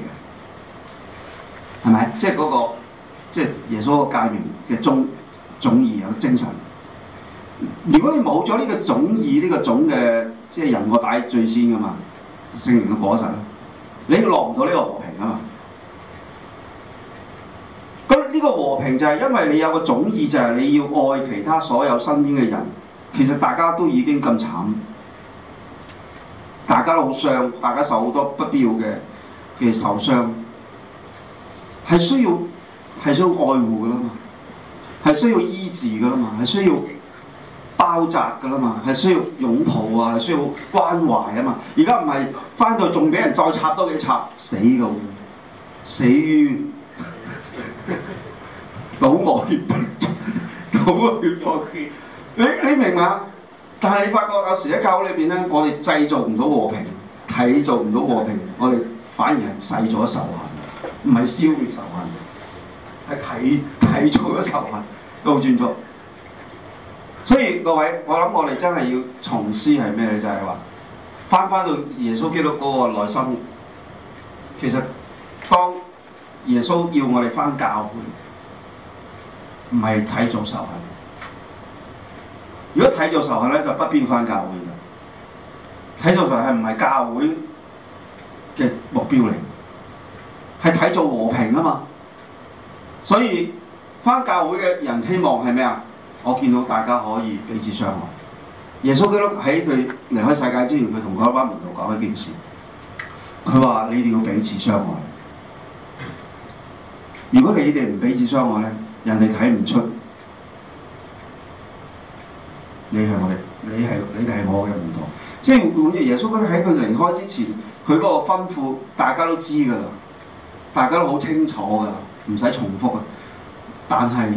嘅，係咪？即係嗰個，即係耶穌個價錢嘅鐘。總義有精神，如果你冇咗呢個總義，呢個總嘅，即係人個底最先噶嘛，聖靈嘅果實你落唔到呢個和平啊嘛。咁呢個和平就係因為你有個總義，就係你要愛其他所有身邊嘅人。其實大家都已經咁慘，大家都好傷，大家受好多不必要嘅嘅受傷，係需要係需要愛護噶啦嘛。係需要醫治㗎喇嘛，係需要包紮㗎喇嘛，係需要擁抱啊，需要關懷啊嘛。而家唔係返到，仲俾人再插多幾插，死咯，死的！倒 倒外，倒 外邊，你你明嘛？但係你發覺有時喺教裏面咧，我哋製造唔到和平，體造唔到和平，我哋反而係細咗仇恨，唔係消滅仇恨。係睇睇做咗仇恨，都好專注。所以各位，我諗我哋真係要從思係咩咧？就係話翻翻到耶穌基督嗰個內心。其實當耶穌要我哋翻教會，唔係睇做仇恨。如果睇做仇恨咧，就不必翻教會啦。睇做仇恨唔係教會嘅目標嚟，係睇做和平啊嘛。所以，返教會嘅人希望係咩啊？我見到大家可以彼此相愛。耶穌基督喺佢離開世界之前，佢同嗰班門徒講一件事。佢話：你哋要彼此相愛。如果你哋唔彼此相愛咧，人哋睇唔出你係我嘅，你係你哋係我嘅門徒。即係耶穌基督喺佢離開之前，佢嗰個吩咐大家都知㗎啦，大家都好清楚㗎。唔使重複啊！但係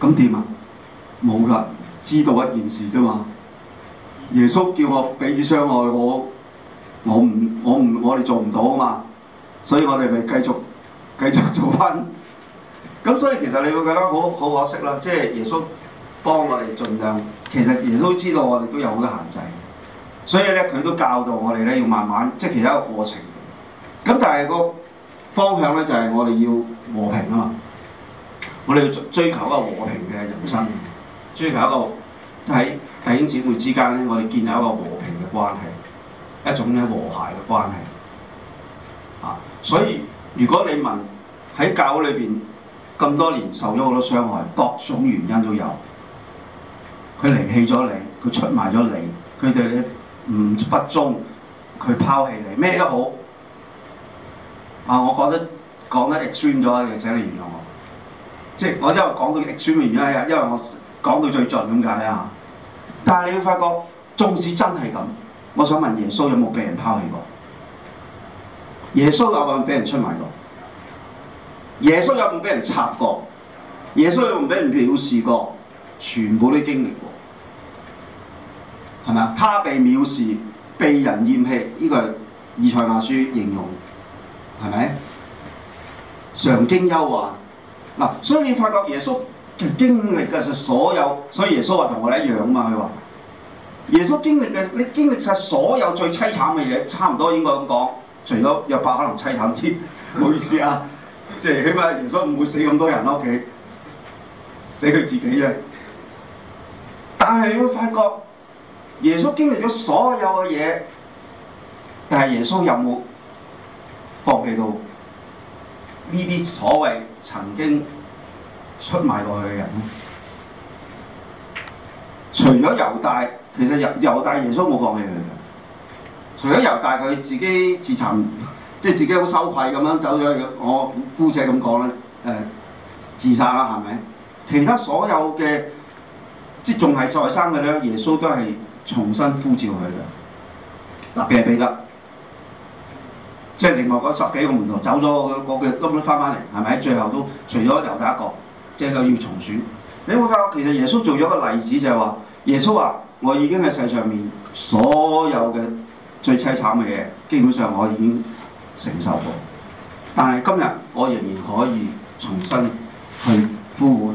咁點啊？冇噶，人知道一件事啫嘛。耶穌叫我彼此傷害我，我唔我唔我哋做唔到啊嘛。所以我哋咪繼續繼續做翻。咁所以其實你會覺得好好可惜啦。即係耶穌幫我哋盡量，其實耶穌知道我哋都有好多限制，所以咧佢都教導我哋咧要慢慢，即係其他一個過程。咁但係、嗰個。方向咧就係、是、我哋要和平啊嘛！我哋要追求一個和平嘅人生，追求一個喺弟兄姊妹之間咧，我哋建立一個和平嘅關係，一種咧和諧嘅關係啊，所以如果你問，喺教會裏邊咁多年受咗好多傷害，各種原因都有，佢離棄咗你，佢出賣咗你，佢對你唔不，不忠，佢拋棄你，咩都好。啊！我講得講得 extreme 咗，就請你原諒我。即係我因為講到 extreme 而家，因為我講到最盡咁解啦。但係你會發覺，縱使真係咁，我想問耶穌有冇俾人拋棄過？耶穌有冇俾人出賣過？耶穌有冇俾人插過？耶穌有冇俾人藐視過？全部都經歷過，係咪啊？他被藐視、被人厭棄，依、這個係以賽亞書形容。係咪常經憂患嗱？所以你發覺耶穌嘅經歷嘅所有，所以耶穌話同我哋一樣嘛。佢話耶穌經歷嘅，你經歷晒所有最凄慘嘅嘢，差唔多應該咁講。除咗約伯可能悽慘添。唔好意思啊。即係 起碼耶穌唔會死咁多人屋企，死佢自己啊。但係你會發覺耶穌經歷咗所有嘅嘢，但係耶穌又冇。放棄到呢啲所謂曾經出賣過佢嘅人，除咗猶大，其實猶猶大耶穌冇放棄佢，除咗猶大佢自己自尋，即自己好羞愧咁樣走咗我姑姐咁講咧，誒自殺啦，係咪？其他所有嘅即仲係在生嘅咧，耶穌都係重新呼召佢嘅，特別係彼得。即係另外嗰十幾個門徒走咗，個、那個都冇翻返嚟，係咪？最後都除咗留第一個，即係佢要重選。你冇睇到其實耶穌做咗個例子，就係、是、話耶穌話、啊：我已經係世上面所有嘅最凄慘嘅嘢，基本上我已經承受過。但係今日我仍然可以重新去呼喚，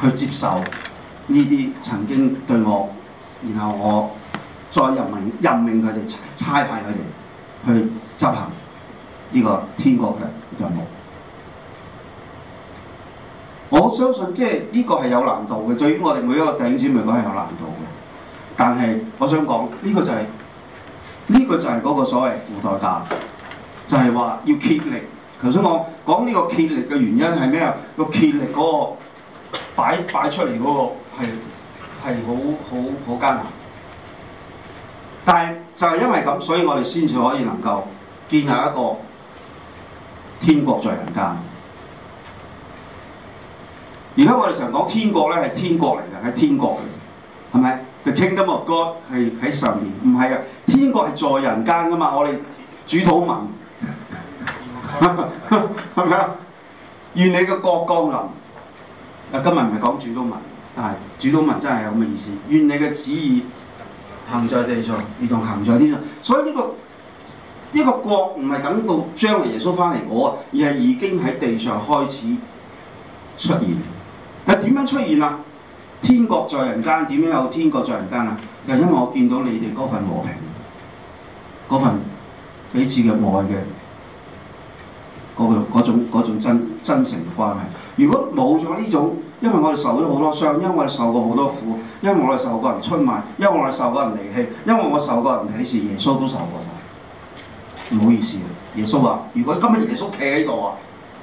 去接受呢啲曾經對我，然後我再任命任命佢哋差派佢哋。去執行呢、這個天國嘅任務，我相信即係呢、這個係有難度嘅，對於我哋每一個弟兄姊妹嚟講係有難度嘅，但係我想講呢、這個就係、是、呢、這個就係嗰個所謂付代價，就係、是、話要竭力。頭先我講呢個竭力嘅原因係咩啊？要那個竭力嗰個擺擺出嚟嗰個係係好好好艱難。但係就係因為咁，所以我哋先至可以能夠建立一個天國在人間。而家我哋常講天國咧係天國嚟噶，係天國嚟嘅係咪？The kingdom of God，係喺上面，唔係啊！天國係在人間噶嘛，我哋主禱文係咪啊？願 你嘅國降臨。啊，今日唔係講主禱文，但係主禱文真係有咁嘅意思。願你嘅旨意，行在地上，而同行在天上，所以呢個呢個國唔係等到將來耶穌翻嚟我而係已經喺地上開始出現。但點樣出現啊？天國在人間，點樣有天國在人間啊？就因為我見到你哋嗰份和平，嗰份彼此嘅愛嘅嗰個嗰種嗰種真真誠嘅關係。如果冇咗呢種，因為我哋受咗好多傷，因為我哋受過好多苦。因為我受過人出賣，因為我受過人離棄，因為我受過人，人鄙視，耶穌都受過啦。唔好意思，耶穌話：如果今日耶穌企喺度啊，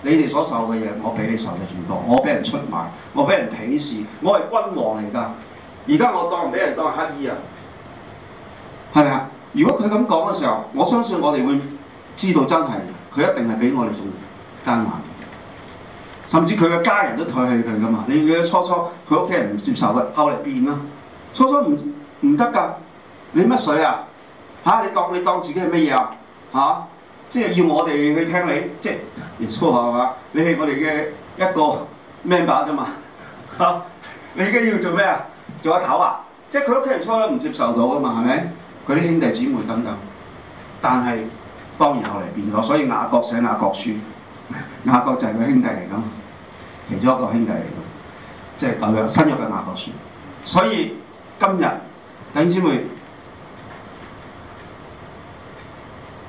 你哋所受嘅嘢，我俾你受嘅仲多。我被」我俾人出賣，我俾人鄙視，我係君王嚟噶。而家我當人俾人當係乞兒啊？係咪？如果佢咁講嘅時候，我相信我哋會知道真係佢一定係比我哋重要，啱甚至佢嘅家人都唾棄佢噶嘛？你記唔記得初初佢屋企人唔接受啊，後嚟變啦。初初唔唔得㗎，你乜水啊？嚇、啊！你當你當自己係乜嘢啊？嚇！即係要我哋去聽你，即係耶穌話話，你係我哋嘅一個 member 啫嘛？嚇、啊！你而家要做咩啊？做阿頭啊？即係佢屋企人初初唔接受到㗎嘛？係咪？佢啲兄弟姊妹等等，但係當然後嚟變咗，所以雅各寫雅各書。亞國就係個兄弟嚟，咁，其中一個兄弟嚟咁，即係咁樣新約嘅亞國樹。所以今日等姊妹，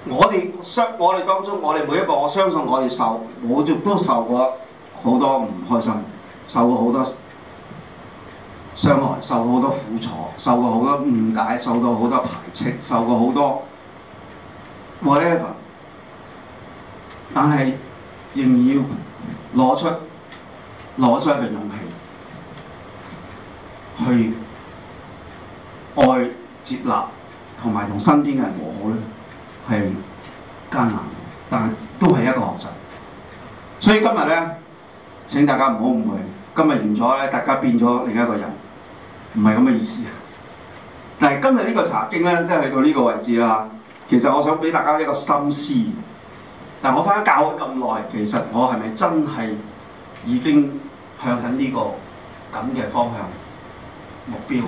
我哋相我哋當中，我哋每一個，我相信我哋受，我亦都受過好多唔開心，受過好多傷害，受過好多苦楚，受過好多誤解，受到好多排斥，受過好多。我咧，但係。仍要攞出攞出一個勇氣去愛接納同埋同身邊嘅人和好咧，係艱難的，但係都係一個學習。所以今日咧，請大家唔好誤會，今日完咗咧，大家變咗另一個人，唔係咁嘅意思。但嗱，今日呢個查經呢，即係去到呢個位置啦。其實我想俾大家一個心思。但我翻教咗咁耐，其實我係咪真係已經向緊呢個咁嘅方向目標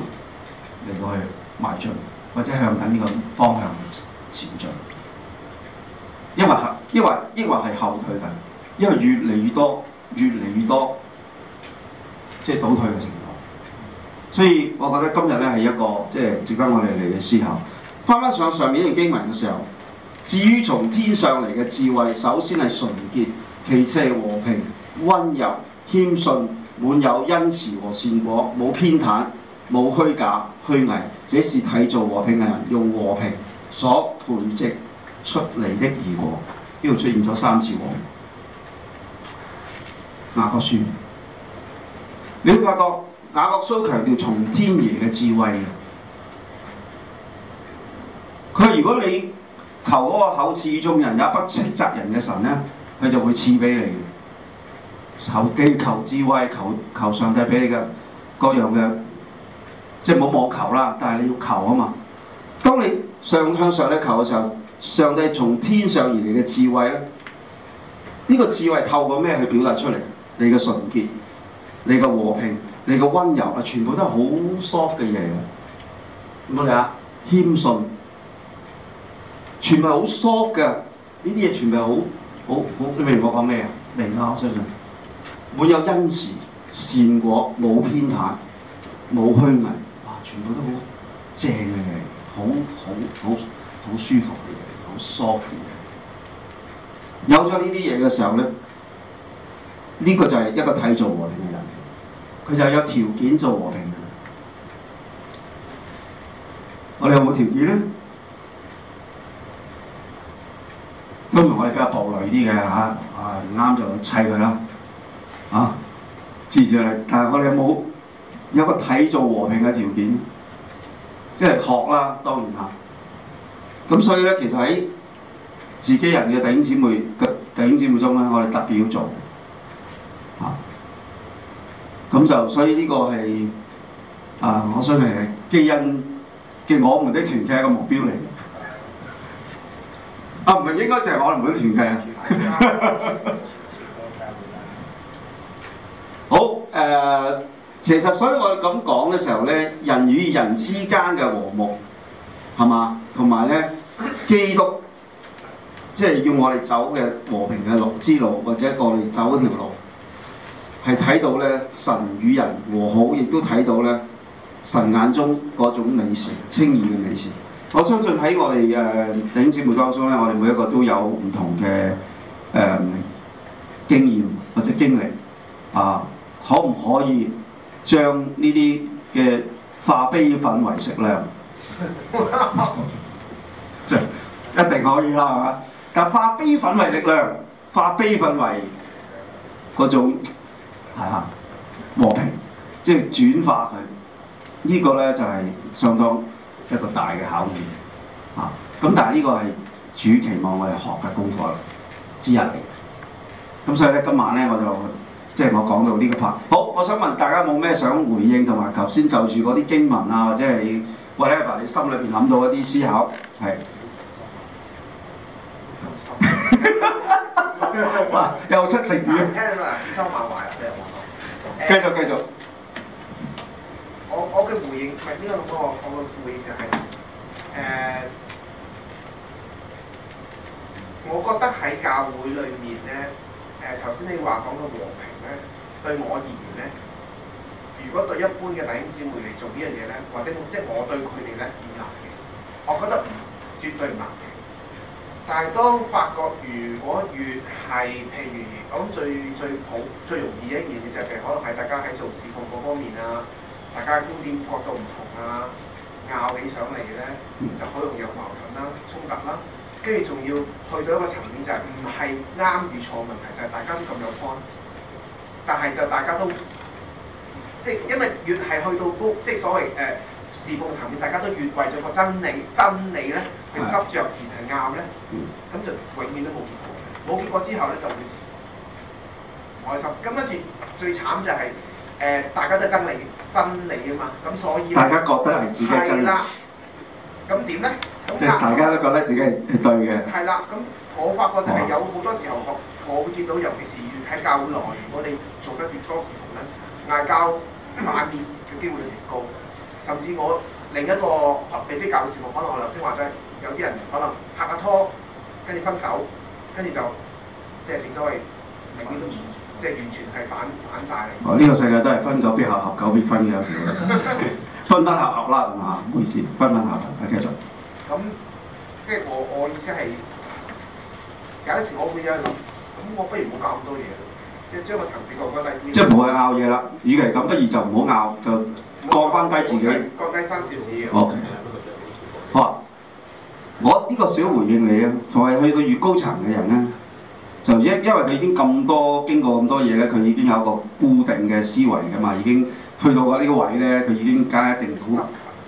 嚟到去邁進，或者向緊呢個方向前進？因為係，因為，因為係後退緊，因為越嚟越多，越嚟越多即係倒退嘅情況。所以，我覺得今日咧係一個即係值得我哋嚟去思考。翻翻上上面嘅經文嘅時候。至於從天上嚟嘅智慧，首先係純潔，其次係和平、温柔、謙遜，滿有恩慈和善果，冇偏袒，冇虛假、虛偽。這是體造和平嘅人用和平所培植出嚟的義果。呢度出現咗三次和平。雅各書，你會發覺雅各書強調從天爺嘅智慧嘅。佢話：如果你求嗰個厚賜眾人也不斥責人嘅神呢，佢就會賜俾你，求寄求智慧，求求上帝俾你嘅各樣嘅，即係唔好妄求啦。但係你要求啊嘛。當你上向上咧求嘅時候，上帝從天上而嚟嘅智慧咧，呢、這個智慧透過咩去表達出嚟？你嘅純潔，你嘅和平，你嘅温柔啊，全部都係好 soft 嘅嘢，嗯、啊！咁我哋啊，謙遜。全部係好 soft 嘅，呢啲嘢全部係好好好，你明我講咩啊？明㗎，我相信。滿有恩慈、善果，冇偏袒、冇虛偽，哇！全部都好正嘅嘢，好好好好舒服嘅嘢，好 soft 嘅。有咗呢啲嘢嘅時候咧，呢個就係一個體做和平嘅人，佢就有條件做和平嘅。我哋有冇條件咧？都同我哋比較暴戾啲嘅嚇，唔啱就砌佢啦，嚇、啊，支持你。但係我哋有冇有，有個體做和平嘅條件？即係學啦，當然嚇。咁所以咧，其實喺自己人嘅弟兄姊妹嘅弟兄姊妹中咧，我哋特別要做嚇。咁、啊、就所以呢個係啊，我相信係基恩嘅我們的全體一個目標嚟嘅。啊！唔係應該就係我哋冇設嘅。 好誒，呃，其實所以我哋咁講嘅時候咧，人與人之間嘅和睦係嘛，同埋咧基督即係、就是、要我哋走嘅和平嘅路之路，或者過嚟走條路，係睇到咧神與人和好，亦都睇到咧神眼中嗰種美善、清義嘅美善。我相信喺我哋誒領袖會當中呢，我哋每一個都有唔同嘅誒、呃、經驗或者經歷啊，可唔可以將呢啲嘅化悲憤為力量？ 一定可以啦、啊，但化悲憤為力量，化悲憤為嗰種、啊、和平，即係轉化佢呢、這個呢，就係、是、相當一個大嘅考驗啊！咁但係呢個係主期望我哋學嘅功課之一嚟，咁、啊、所以咧今晚咧我就即係我講到呢個 part。好，我想問大家冇咩想回應同埋頭先就住嗰啲經文啊，或者係或者阿伯你心裏邊諗到一啲思考係。又出成語啊！繼續繼續。繼續我我嘅回應，唔係呢個咁多。我嘅回應就係、是、誒、呃，我覺得喺教會裡面咧，誒頭先你話講嘅和平咧，對我而言咧，如果對一般嘅弟兄姊妹嚟做呢樣嘢咧，或者即係我對佢哋咧，難嘅。我覺得絕對唔難嘅。但係當發覺如果越係譬如講最最好最容易一樣嘢，就係可能係大家喺做事奉嗰方面啊。大家嘅觀點角度唔同啊，拗起上嚟咧就好容易有矛盾啦、衝突啦、啊，跟住仲要去到一個層面，就係唔係啱與錯嘅問題，就係、是、大家都咁有 point，但係就大家都即係因為越係去到高，即係所謂誒、呃、事奉嘅層面，大家都越為咗個真理，真理咧去執着，而係拗咧，咁就永遠都冇結果。冇結果之後咧就會唔開心。咁跟住最慘就係、是、誒、呃，大家都爭理。真理啊嘛，咁所以大家覺得係自己真理。咁點咧？即係大家都覺得自己係對嘅。係啦，咁我發覺就係有好多時候，我會見到，尤其是喺教會內，我哋做得越多事務咧，嗌交、反面嘅機會率越高。甚至我另一個特別教會事務，可能我頭先話齋，有啲人可能拍下拖，跟住分手，跟住就即係整所謂永遠都唔。即係完全係反反曬嚟。哦，呢、這個世界都係分久必合，合，合久必分嘅，有時。分分合合啦，嚇、嗯，唔好意思，分分合合，繼續。咁，即係我我意思係，有陣時我會有諗，咁我不如冇搞咁多嘢，即係將個層次降低。即係唔好去拗嘢啦，與其咁，不如就唔好拗，就降翻低自己。降低三少少。好 OK。我呢、這個小回應你啊，同係去到越高層嘅人咧。就因因為佢已經咁多經過咁多嘢咧，佢已經有一個固定嘅思維噶嘛，已經去到嗰呢個位咧，佢已經梗係一定好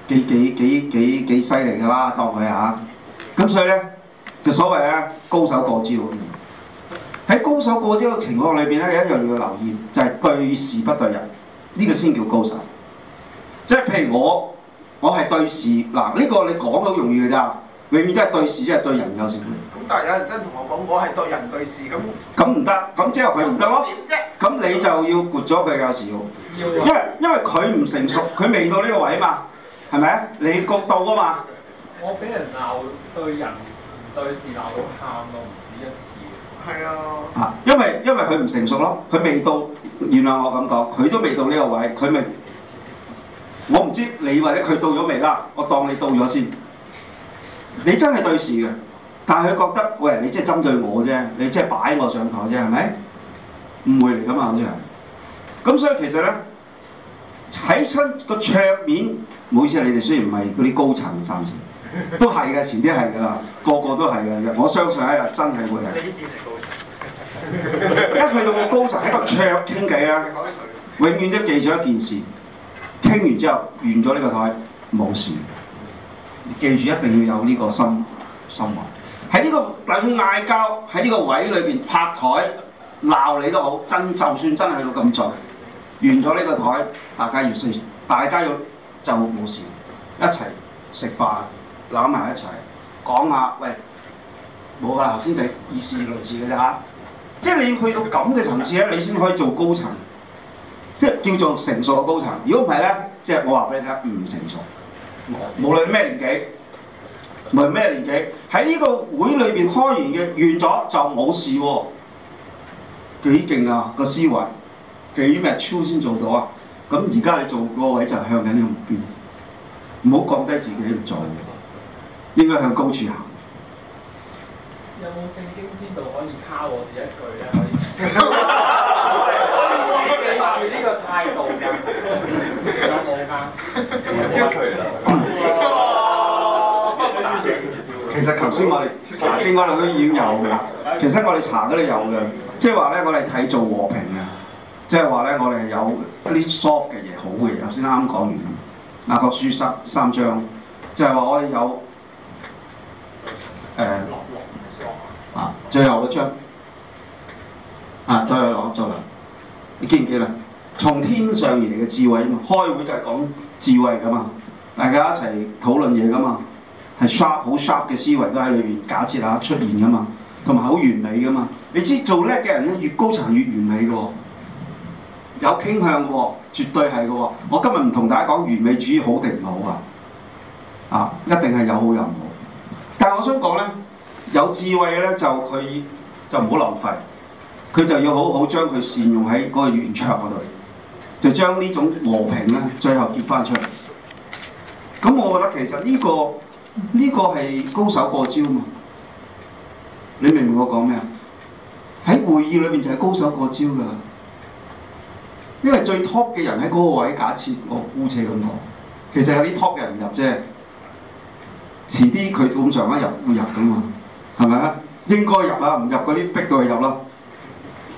幾幾幾幾幾犀利噶啦，當佢嚇。咁、啊、所以咧，就所謂咧高手過招喺 re pe ep 高手過招嘅情況裏邊咧，有一樣要留意，就係、是、對事不對人，呢、這個先叫高手。即係譬如我，我係對事嗱，呢個你講好容易嘅咋，永遠都係對事，即係、這個對，就是、對人有成。但係有人真同我講，我係對人對事咁。咁唔得，咁之後佢唔得咯。點咁、嗯、你就要撥咗佢，有時候要用因。因為因為佢唔成熟，佢未到呢個位嘛，係咪啊？你角度啊嘛。我俾人鬧對人,對,人對事鬧到喊到唔止一次。係啊。啊，因為因為佢唔成熟咯，佢未到。原諒我咁講，佢都未到呢個位，佢未？我唔知你或者佢到咗未啦，我當你到咗先。你真係對事嘅。但係佢覺得，喂，你即係針對我啫，你即係擺我上台啫，係咪？誤會嚟噶嘛，好似係。咁所以其實咧，睇親個桌面，唔好意思，你哋雖然唔係嗰啲高層，暫時都係嘅，前啲係㗎啦，個個都係嘅。我相信一日真係會嘅。 一去到個高層喺個桌傾偈咧，永遠都記住一件事：傾完之後完咗呢個台，冇事。記住一定要有呢個心心懷。喺呢、這個大嗌交，喺呢個位裏面拍台鬧你都好，就算真去到咁盡完咗呢個台，大家要大家要就冇事，一齊食飯攬埋一齊講一下，喂冇啊！頭先就意思類似嘅啫，即係你要去到咁嘅層次你先可以做高層，即係叫做成熟嘅高層。如果唔係咧，即係我話俾你聽，唔成熟，無，無論咩年紀。唔係咩年紀，喺呢個會裏邊開完嘅完咗就冇事喎、啊，幾勁啊、個思維幾咩超先做到啊！咁而家你做個位就向緊呢個目標，唔、嗯、好降低自己嘅狀態，應該向高處行。有冇聖經邊度可以敲我哋一句咧？可以記住呢個態度啊！謝謝。那些人那些人其實頭先我哋查經嗰度都已經有嘅啦，其實我哋查嗰度有嘅，即係話咧我哋睇做和平嘅，即係話咧我哋係有啲 soft 嘅嘢，好嘅嘢。頭先啱講完，拿、那個書三三章，就係、是、話我哋有誒、呃、啊，最後一張啊，再攞再嚟，你記唔記得？從天上而嚟嘅智慧嘛，開會就係講智慧㗎嘛，大家一齊討論嘢㗎嘛。係 sharp 好 sharp 嘅思維都喺裏邊假設下、啊、出現噶嘛，同埋好完美噶嘛。你知做叻嘅人咧，越高層越完美嘅、哦，有傾向嘅、哦，絕對係嘅、哦。我今日唔同大家講完美主義好定唔好啊，啊，一定係有好有唔好。但係我想講咧，有智慧嘅咧就佢就唔好浪費，佢就要好好將佢善用喺嗰個圓桌嗰度，就將呢種和平咧最後結翻出嚟。咁我覺得其實呢、這個。呢個係高手過招嘛？你明唔明我講咩啊？喺會議裏邊就係高手過招噶，因為最 top 嘅人喺嗰個位。假設我姑且咁講，其實有啲 top 嘅人入啫，遲啲佢通常一入會入噶嘛，係咪啊？應該入啦，唔入嗰啲逼到佢入咯。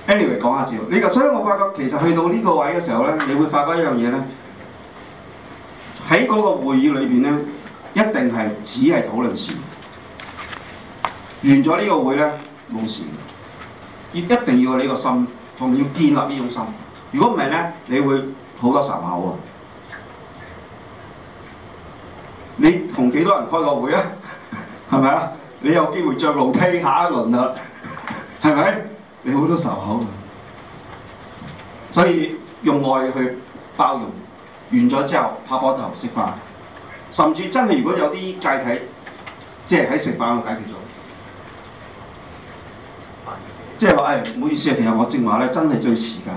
Anyway 講下笑，你個所以我發覺其實去到呢個位嘅時候咧，你會發覺一樣嘢咧，喺嗰個會議裏邊咧。一定係只係討論事，完咗呢個會呢，冇事。一定要有呢個心，同要建立呢種心。如果唔係呢，你會好多仇口喎。你同幾多人開個會啊？係咪啊？你有機會着路 K 下一輪啦，係咪？你好多仇口。所以用愛去包容，完咗之後拍膊頭食飯。甚至真係如果有啲界體，即係喺食飯度解決咗，即係話誒唔好意思啊，其實我正話咧真係最遲㗎。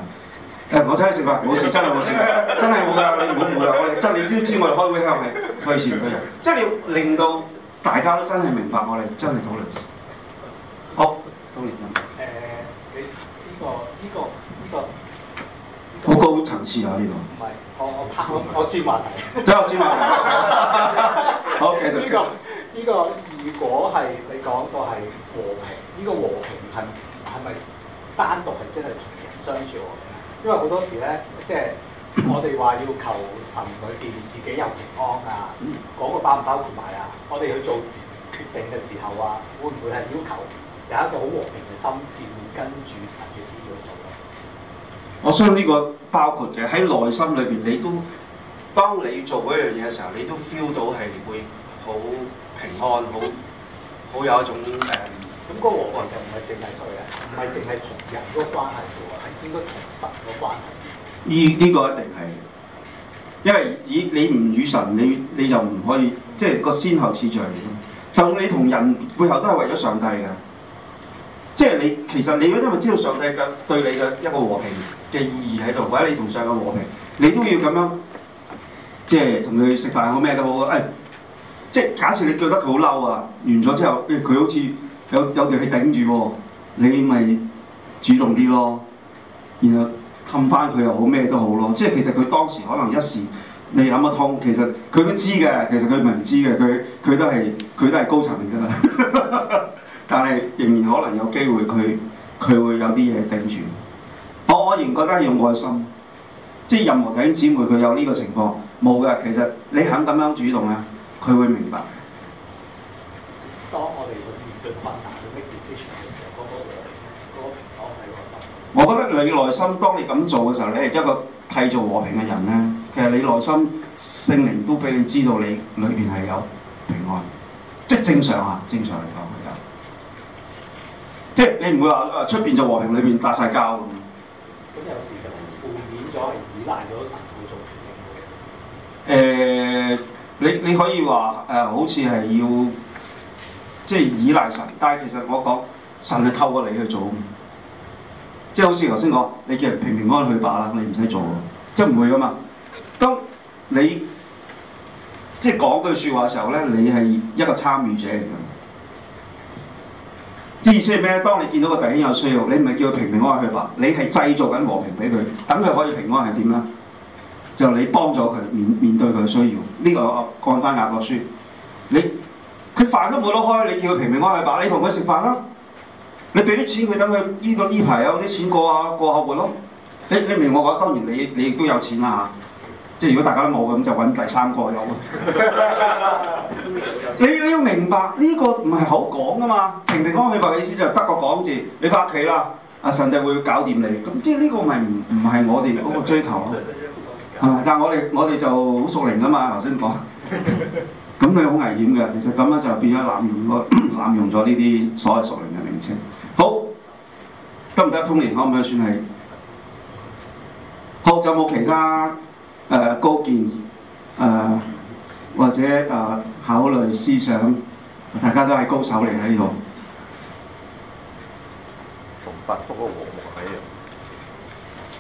誒、哎、我睇下食飯，冇事真係冇事，真係冇㗎，你唔好誤會啦。我哋真你知唔知我哋開會係咪費事唔費事？真係令到大家都真係明白我，我哋真係討論好，當然誒，你呢個呢個呢個，好、這個這個這個、高層次啊呢、這個。我拍我我轉話題，再轉話題。好，繼續呢個呢個如果係你講到係和平，呢個和平係係咪單獨係真係同人相處和平？因為好多時咧，即係我哋話要求神佢見自己有平安啊，講個包唔包括埋啊？我哋去做決定嘅時候啊，會唔會係要求有一個好和平嘅心先會跟住神我相信呢個包括嘅喺內心裏邊，你都當你做嗰樣嘢嘅時候，你都 feel 到係會好平安，好好有一種誒。咁、嗯、嗰和就唔係淨係所以唔係淨係同人嗰個關係嘅，應該同神嗰個關係。呢、呢個一定係，因為以你唔與神，你你就唔可以，即係個先後次序。就算你同人背後都係為咗上帝嘅，即係你其實你因為知道上帝嘅對你嘅一個和平。嘅意義喺度，或者你同上個和平，你都要咁樣，即係同佢食飯好咩都好啊、哎！即係假設你覺得佢好嬲啊，完咗之後，佢、哎、好似有有條氣頂住喎，你咪主動啲咯，然後氹翻佢又好咩都好咯。即係其實佢當時可能一時未諗得通，其實佢都知嘅，其實佢咪唔知嘅，佢佢都係佢都係高層嚟噶啦， 但係仍然可能有機會佢佢會有啲嘢頂住。我我仍覺得用愛心，即係任何弟兄姊妹佢有呢個情況冇嘅，其實你肯咁樣主動啊，佢會明白。當我哋面對困難去 make decision 嘅時候，嗰個、那個、那個那個、和平、平。我覺得你嘅內心，當你咁做嘅時候，你係一個替做和平嘅人咧，其實你內心聖靈都俾你知道你裏邊係有平安，即係正常啊，正常嚟講係啊，即係你唔會話誒出邊就和平，裏邊打晒交。咁有時就避免咗，依賴咗神去做決定。誒，你你可以話誒、呃，好似係要即係依賴神，但係其實我講神係透過你去做，即係好似頭先講，你叫人平平安安去罷啦，你唔使做，即係唔會噶嘛。當你即係講句説話嘅時候咧，你係一個參與者嚟啲意思係咩？當你見到個弟兄有需要，你唔係叫佢平平安安去吧，你係製造緊和平俾佢，等佢可以平安係點咧？就你幫助佢面面對佢嘅需要，呢、這個講翻雅各書。你佢飯都冇得開，你叫佢平平安安去吧，你同佢食飯啦。你俾啲錢佢，等佢呢個呢排有啲錢過下、啊、過下活咯。你你明白我講，當然你你亦都有錢啦、啊即係如果大家都冇咁，就揾第三個有。 你你要明白呢、呢個唔係好講噶嘛，平平安安明白嘅意思就得個講字，你翻屋企啦，啊，上帝會搞掂你。咁即係呢個咪唔唔係我哋嗰個追求咯。係 嘛？但係我哋我哋就好屬靈噶嘛，頭先講。咁你好危險嘅，其實咁樣就變咗濫用咗 濫用咗呢啲所謂屬靈嘅名稱。好，得唔得通連？可唔可以算係？好，就有冇其他？誒、呃、高見，誒、呃、或者誒、呃、考慮思想，大家都係高手嚟喺呢度。同八福和睦係一樣，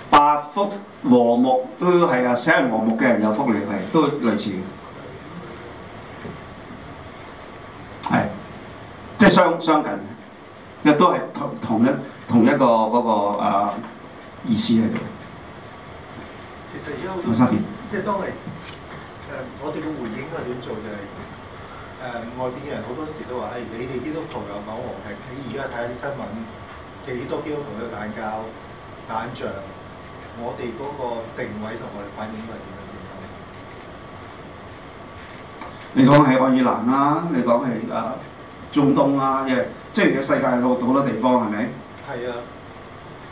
八福、啊、和睦都係啊，使人和睦嘅人有福利係都類似嘅，係即係相相近嘅，亦都係同同一同一個嗰、那個、呃、意思喺度。即係當你誒、呃，我哋嘅回應應該係點做、就是？就係誒外邊嘅人好多時都話，係、哎、你哋基督徒有冇問題？你而家睇下啲新聞，幾多基督徒有打交、打仗？我哋嗰個定位同我哋反應應該點？你講係愛爾蘭啦，你講係誒中東啊，yeah, 即係即係世界好多地方係咪？係啊。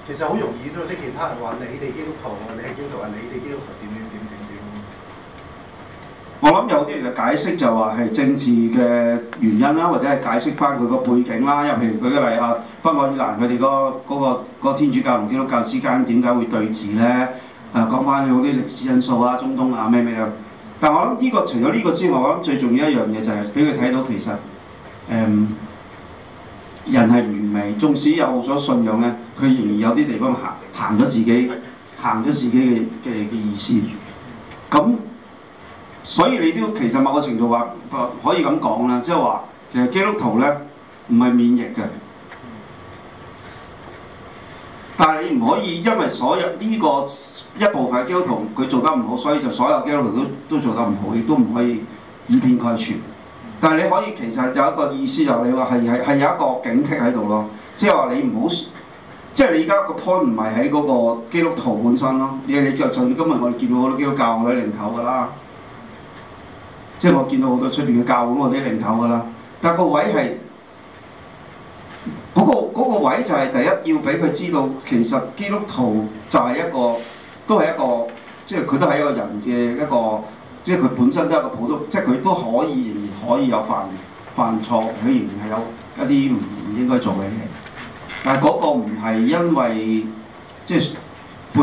其實好容易都識其他人話你哋基督徒你係基督徒啊，你哋基督徒，基督徒點點點點點。我諗有啲人嘅解釋就話係政治嘅原因啦，或者係解釋翻佢個背景啦。又譬如舉個例啊，北愛爾蘭佢哋個嗰、那個那個天主教同基督教之間點解會對峙呢？誒、啊，講翻佢嗰啲歷史因素啊，中東啊咩咩啊。但我諗呢、這個除咗呢個之外，我諗最重要一樣嘢就係俾佢睇到其實誒。嗯人係完美，縱使有咗信仰咧，佢仍然有啲地方行行咗自己，行咗自己嘅嘅嘅意思。咁所以你都其實某個程度話可以咁講啦，即係話其實基督徒咧唔係免疫嘅，但係你唔可以因為所有呢個一部分嘅基督徒佢做得唔好，所以就所有基督徒都都做得唔好，亦都唔可以以偏概全。但係你可以其實有一個意思就係、是、你話係係係有一個警惕喺度咯，即係話你唔好，即係你而家個 point 唔係喺嗰個基督徒本身咯，你你再進今日我哋見到好多基督教嗰啲領頭噶啦，即係我見到好多出邊嘅教會嗰啲領頭噶啦，但係個位係嗰、那個那個位就係第一要俾佢知道，其實基督徒就係一個都係一個，即係佢都係一個人嘅一個，即係佢本身都係一個普通，即係佢都可以。可以有犯犯錯，佢仍然係有一啲唔應該做嘅嘢，但係嗰個唔係因為即係、就是、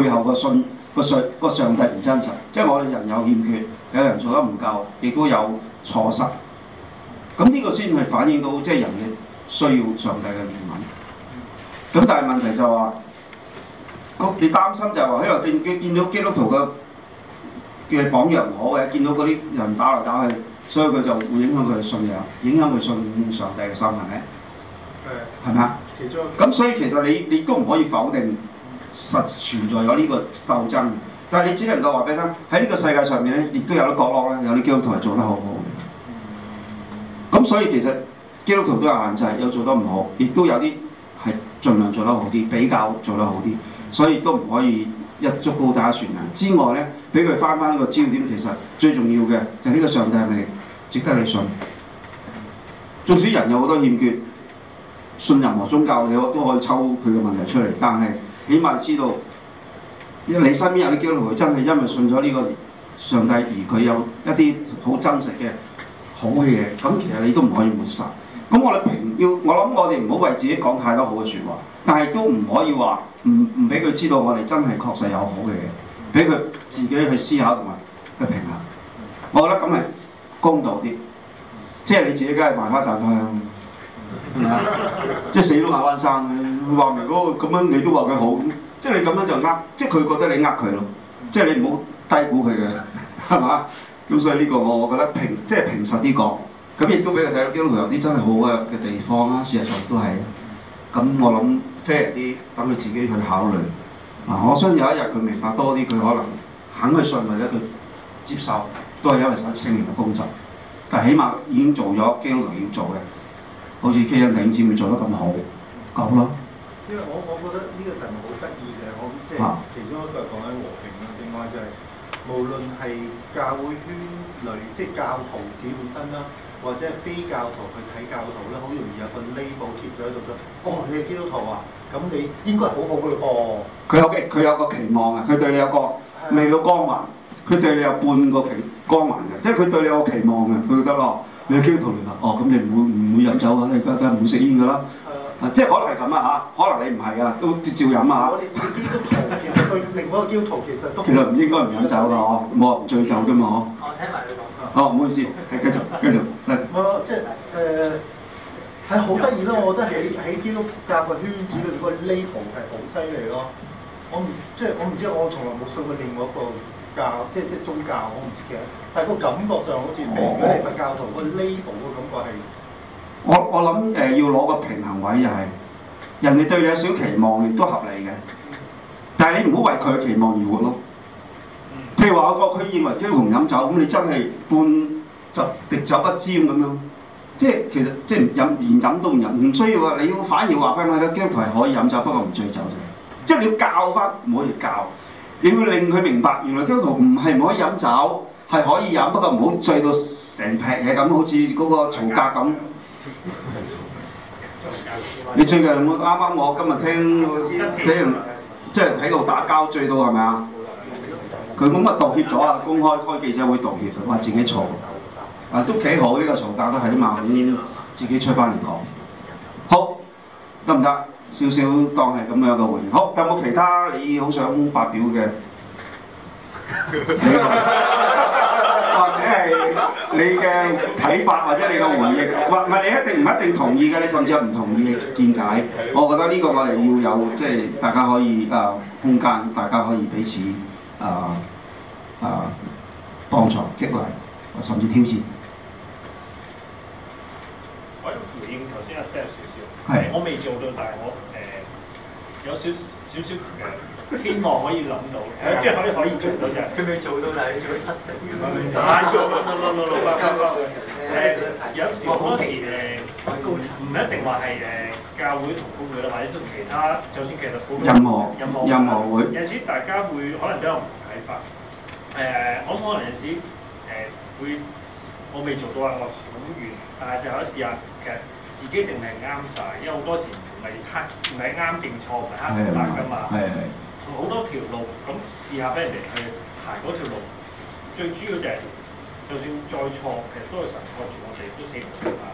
背後信個信個信個上帝唔真實，即係我哋人有欠缺，有人做得唔夠，亦都有錯失。咁呢個先係反映到即係、就是、人嘅需要上帝嘅憐憫，咁但係問題就話、是，個你擔心就話、是，喺度見見，見到基督徒嘅嘅榜樣唔好嘅，見到嗰啲人打嚟打去。所以佢就會影響佢嘅信仰，影響佢信上帝嘅心，係咪？係。係咪啊？咁所以其實你你都唔可以否定實存在有呢個鬥爭，但係你只能夠話俾你聽喺呢個世界上面咧，亦都有啲角落咧，有啲基督徒係做得好好。咁所以其實基督徒都有限制，有做得唔好，亦都有啲係盡量做得好啲，比較做得好啲，所以都唔可以。一足高打船啊！之外咧，俾佢翻翻個焦點，其實最重要嘅就係呢個上帝係值得你信。縱使人有好多欠缺信任何宗教，你可都可以抽佢嘅問題出嚟。但係起碼知道，你身邊有啲基督徒真係因為信咗呢個上帝而佢有一啲好真實嘅好嘅嘢。咁其實你都唔可以抹殺。咁我哋平要，我諗我哋唔好為自己講太多好嘅説話，但係都唔可以話。唔唔，俾佢知道我哋真係確實有好嘅嘢，俾佢自己去思考同埋去平衡。我覺得咁係公道啲，即係你自己梗係萬花雜咁樣，係咪啊？即係死都買翻生。話明嗰個咁樣，你都話佢好，即係你咁樣就呃，即係佢覺得你呃佢咯。即係你唔好低估佢嘅，係嘛？咁所以呢個我覺得平，即係平實啲講，咁亦都俾佢睇到基督徒有啲真係好嘅嘅地方啦。事實上都係，咁我諗。fair 啲，等佢自己去考慮。嗱、啊，我相信有一日佢明白多啲，佢可能肯去信或者佢接受，都係因為聖靈嘅工作。但係起碼已經做咗基督徒要做嘅，好似基督教領袖做得咁好，咁啦。因為我我覺得呢個題目好得意嘅，就是、我即係、就是、其中一個係講緊和平啦、就是，另外就係。無論係教會圈裏，即係教徒自己本身啦，或者係非教徒去睇教徒啦，好容易有份 label 貼咗喺度咯。哦，你係基督徒啊，咁你應該係好好嗰個。佢、哦、有佢有個期望啊，佢對你有個的未到光環，佢對你有半個期光環嘅，即係佢對你有個期望嘅，佢得咯。你係基督徒嚟噶，哦，咁你唔會唔會飲酒㗎，你梗係唔會食煙㗎啦。即係可能係咁啊嚇，可能你唔係啊，都照照飲啊，我哋自己基督徒，其實對另外一個基督徒其實都其實唔應該唔飲酒㗎哦，冇人唔醉酒㗎嘛哦。我聽埋你講先。哦，唔好意思，係繼續繼續。唔即係誒，係好得意咯！我覺得喺喺基督教個圈子裏個 label 係好犀利咯。我唔即係我唔知，我從來冇信過另外一個教，即係即係宗教，我唔知其實。但係個感覺上好似，如果係佛教徒，個 label 嘅感覺係。我我諗誒要攞個平衡位就係，是，人哋對你有少期望亦都合理嘅，但係你唔好為佢嘅期望而活咯。譬如話，我覺佢認為基督徒唔飲酒，咁你真係半十滴酒不沾咁樣，即係其實即係飲連飲都唔唔需要啊！你要反而話翻佢咧，基督徒係可以飲酒，不過唔醉酒嘅，即係你要教翻，唔可以教，你要令佢明白原來基督徒唔係唔可以飲酒，係可以飲，不過唔好醉到成劈嘢咁，好似嗰個曹格咁。你最近有冇啱啱我今日聽聽即係喺度打交，最多係咪啊？佢冇乜道歉咗啊，公開開記者會道歉，話自己錯，啊都幾好呢，這個吵架都起碼五自己出翻嚟講，好得唔得？少少當係咁樣嘅回應，好，有冇其他你好想發表嘅？ 即係你嘅睇法或者你嘅回應，或唔係你一定唔一定同意嘅，你甚至有唔同意嘅見解。我覺得呢個我哋要有即係大家可以啊、呃、空間，大家可以彼此啊啊幫助激勵，甚至挑戰。我想回應頭先阿 Sam 少少，係是我未做到，但係我誒、呃、有少少少希望可以諗到，即係可以可以做到嘅。佢未做到係做七成，難做。有時好多時誒唔一定話係誒教會同工嘅，或者同其他。就算其實好多任何任何會有時大家會可能都有唔同睇法。誒可唔可能有時誒會我未做到啊，我好遠但係，就可以試下其實自己定唔係啱晒，因為好多時唔係黑唔係啱定錯唔係黑白㗎嘛。係係。好多條路，咁試下俾人哋去行嗰條路，最主要就係就算再錯，其實都係神託住我哋，都死唔去啊！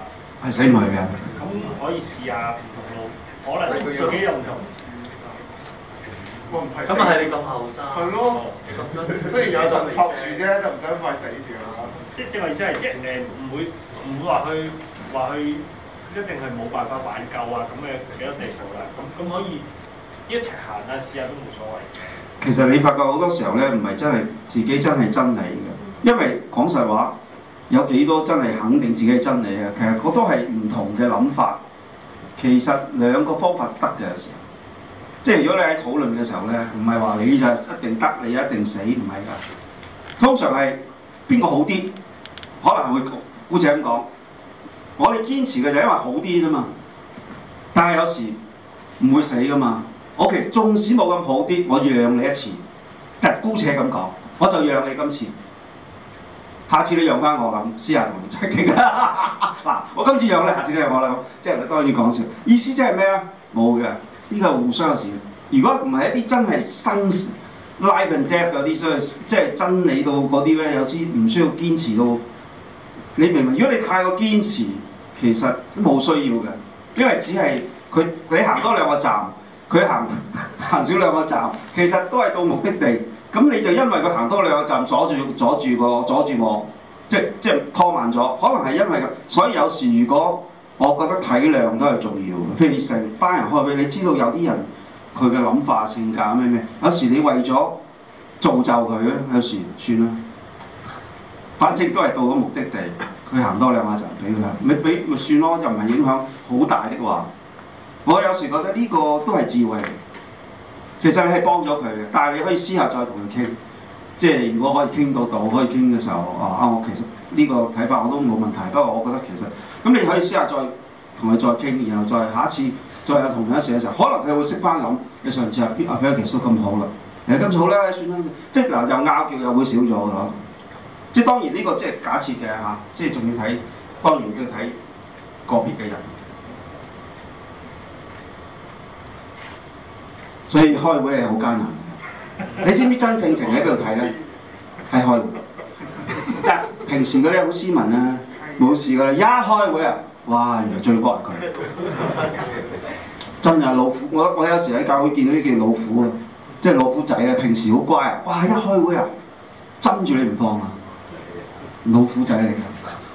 係死唔去㗎。咁、嗯、可以試下唔同路，嗯、可能自己又唔同。我唔係。咁啊係你咁後生。係咯。 雖然有神託住啫，就唔使快死住嚇。 即係正話意思係即係唔會唔會話去話去一定係冇辦法挽救啊咁嘅幾多地步啦。咁咁可以。一齊行下試下都冇所謂。其實你發覺好多時候咧，唔係真係自己真係真理嘅，因為講實話，有幾多真係肯定自己係真理啊？其實我都係唔同嘅諗法，其實兩個方法得嘅，有時候，即係如果你喺討論嘅時候咧，唔係話你就一定得，你一定死，唔係㗎。通常係邊個好啲，可能會好似咁講，我哋堅持嘅就因為好啲啫嘛。但係有時唔會死㗎嘛。O.K.，縱使冇咁好啲，我讓你一次，但姑且咁講，我就讓你今次，下次你讓翻我咁，私下同你傾啦。嗱， 我今次讓你，下次你讓我啦，即係當然講笑，意思即係咩咧？冇嘅，呢個互相嘅事。如果唔係一啲真係生 life and death 嗰啲，所以即係真理到嗰啲咧，有時唔需要堅持到。你明唔明？如果你太過堅持，其實都冇需要嘅，因為只係佢你行多兩個站。佢行行少兩個站，其實都係到目的地，咁你就因為佢行多兩個站，阻住阻住我阻住我，即即拖慢咗。可能係因為咁，所以有時如果我覺得體諒都係重要嘅。譬如成班人開會，你知道有啲人佢嘅諗法性格咩咩。有時你為咗造就佢咧，有時算啦。反正都係到咗目的地，佢行多兩個站俾佢行，咪俾咪算咯，又唔係影響好大啲嘅。我有時覺得呢個都係智慧，其實你係幫咗佢嘅，但係你可以私下再同佢傾，即係如果可以傾到到，可以傾嘅時候啊，啊我其實呢個睇法我都冇問題，不過我覺得其實咁你可以私下再同佢再傾，然後再下一次再有同樣一事嘅時候，可能佢會識翻諗，你上次啊啊非常其實都咁好啦，誒今次好咧算啦，即係嗱又拗撬又會少咗嘅咯，即係當然呢個即係假設嘅嚇，即係仲要睇當然都要睇個別嘅人。所以開會係好艱難。你知唔知真性情喺邊度睇咧？喺開會。平時嗰啲好斯文啊，冇事噶啦。一、yeah, 開會啊，哇！原來最惡佢。 真係老虎。我我有時喺教會見到啲叫老虎啊，即係老虎仔啊。平時好乖啊，哇！一開會啊，掙住你唔放啊。老虎仔嚟噶，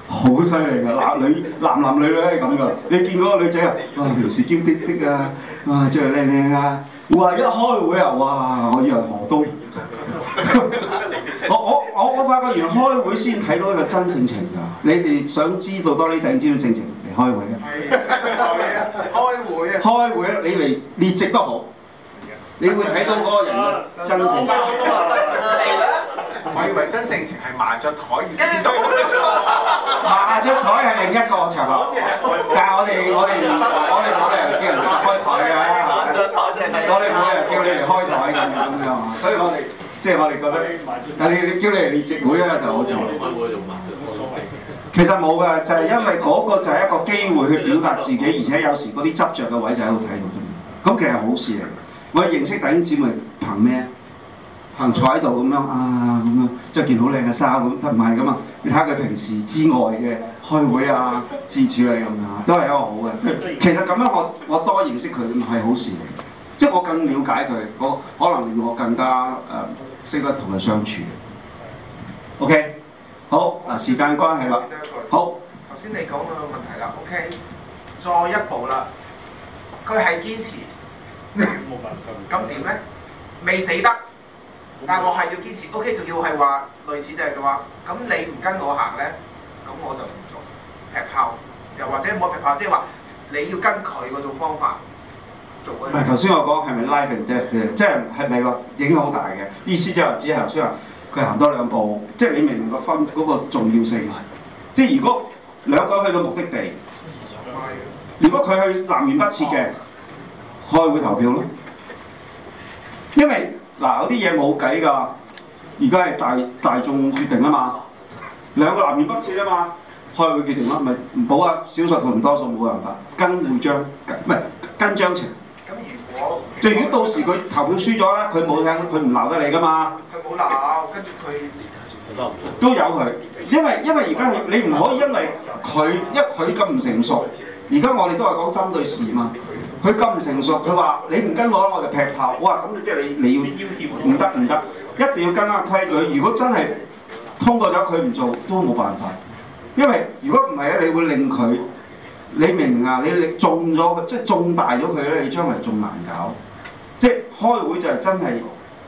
好犀利噶。嗱，女男男女女都係咁噶。你見嗰個女仔啊，啊，啊平時嬌滴滴啊，啊最係靚靚啊。哇，一開會啊，哇！我以為何都。 我我我我發覺原來開會先睇到一個真性情㗎。你哋想知道多呢，想知啲性情嚟開會嘅。啊，開會啊， 開會啦、啊！你嚟列席都好，你會睇到嗰個人嘅真性 我以為真正情係埋著台而知道，埋著台係另一個場合。 但係我哋我哋我哋我哋叫人開台啊！ 是埋著台即係，我哋每人叫你嚟開台咁樣。 所以我哋即係我哋覺得，但你你叫你嚟列席會啊就好似我哋。其實冇㗎，就係、是、因為嗰個就係一個機會去表達自己，而且有時嗰啲執着嘅位就喺度睇到。咁 其實好事嚟嘅。我認識弟兄姊妹憑咩？行坐喺度咁樣啊，咁樣，着件好靚嘅衫咁，得唔係噶嘛？你睇下佢平時之外嘅開會啊、自處理咁啊，都係一個好嘅。其實咁樣我我多認識佢係好事嚟，即係我更了解佢，我可能令我更加誒識、呃、得同佢相處。OK，好嗱，時間關係啦，好。頭先你講個問題啦，OK，再一步啦，佢係堅持，咁點咧？未死得。但我係要堅持，OK，仲要係話類似就係話，咁你唔跟我行咧，咁我就唔做劈炮，又或者冇劈炮，即係話你要跟佢嗰種方法做嗰啲。唔係頭先我講係咪 life and death 即係即係係咪話影響好大嘅意思就係、是、只係頭先話佢行多兩步，即係你明唔明個分嗰個重要性？即係如果兩個去到目的地，如果佢去南轅北轍嘅，開會投票咯，因為。嗱，有啲嘢冇計㗎，而家係大大眾決定啊嘛，兩個南面北次啊嘛，開會決定啦，咪唔保啊，少數同多數冇辦法，跟會章，唔係跟章程。咁如果即係如果到時佢投票輸咗啦，佢冇聽，佢唔鬧得你㗎嘛？佢冇鬧，跟住佢都有佢，因為因為而家係你唔可以因為佢因為佢咁唔成熟，而家我哋都係講針對事嘛。佢咁唔成熟，佢話你唔跟我，我就劈炮哇！咁你即係你你要唔得唔得，一定要跟返啲規矩。如果真係通過咗，佢唔做都冇辦法，因為如果唔係啊，你會令佢你明唔明啊？你你縱咗即係縱大咗佢咧，你將來仲難搞。即係開會就係真係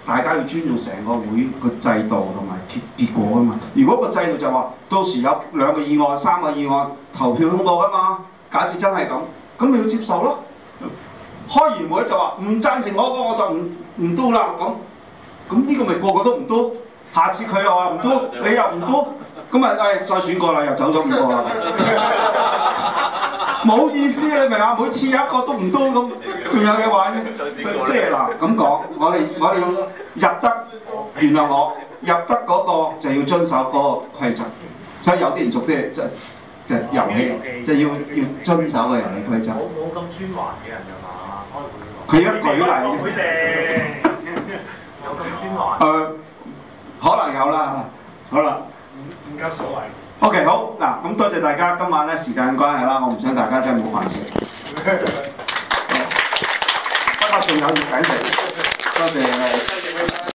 大家要尊重成個會個制度同埋結結果啊嘛。如果個制度就話到時有兩個議案、三個議案投票通過㗎嘛，假設真係咁，咁你要接受咯。開完會就話唔贊成我個，我我就唔唔多啦咁，咁呢個咪個個都唔多，下次佢又話唔多，你又唔多，咁咪誒再選過啦，又走咗唔多啦，冇 意思你明嘛？每次有一個都唔多咁，仲有咩玩咧？即即係嗱咁講，我哋我哋要入得，原諒我入得嗰個就要遵守嗰個規則，所以有啲人俗啲即即係遊戲即係要要，要遵守嘅遊戲規則。冇冇咁專橫嘅人㗎。佢而家舉例嘅，有咁專欄？誒，可能有啦，好啦唔唔夠所謂。OK，好嗱，咁多謝大家今晚咧，時間關係啦，我唔想大家真係冇飯食。多謝主持人，多謝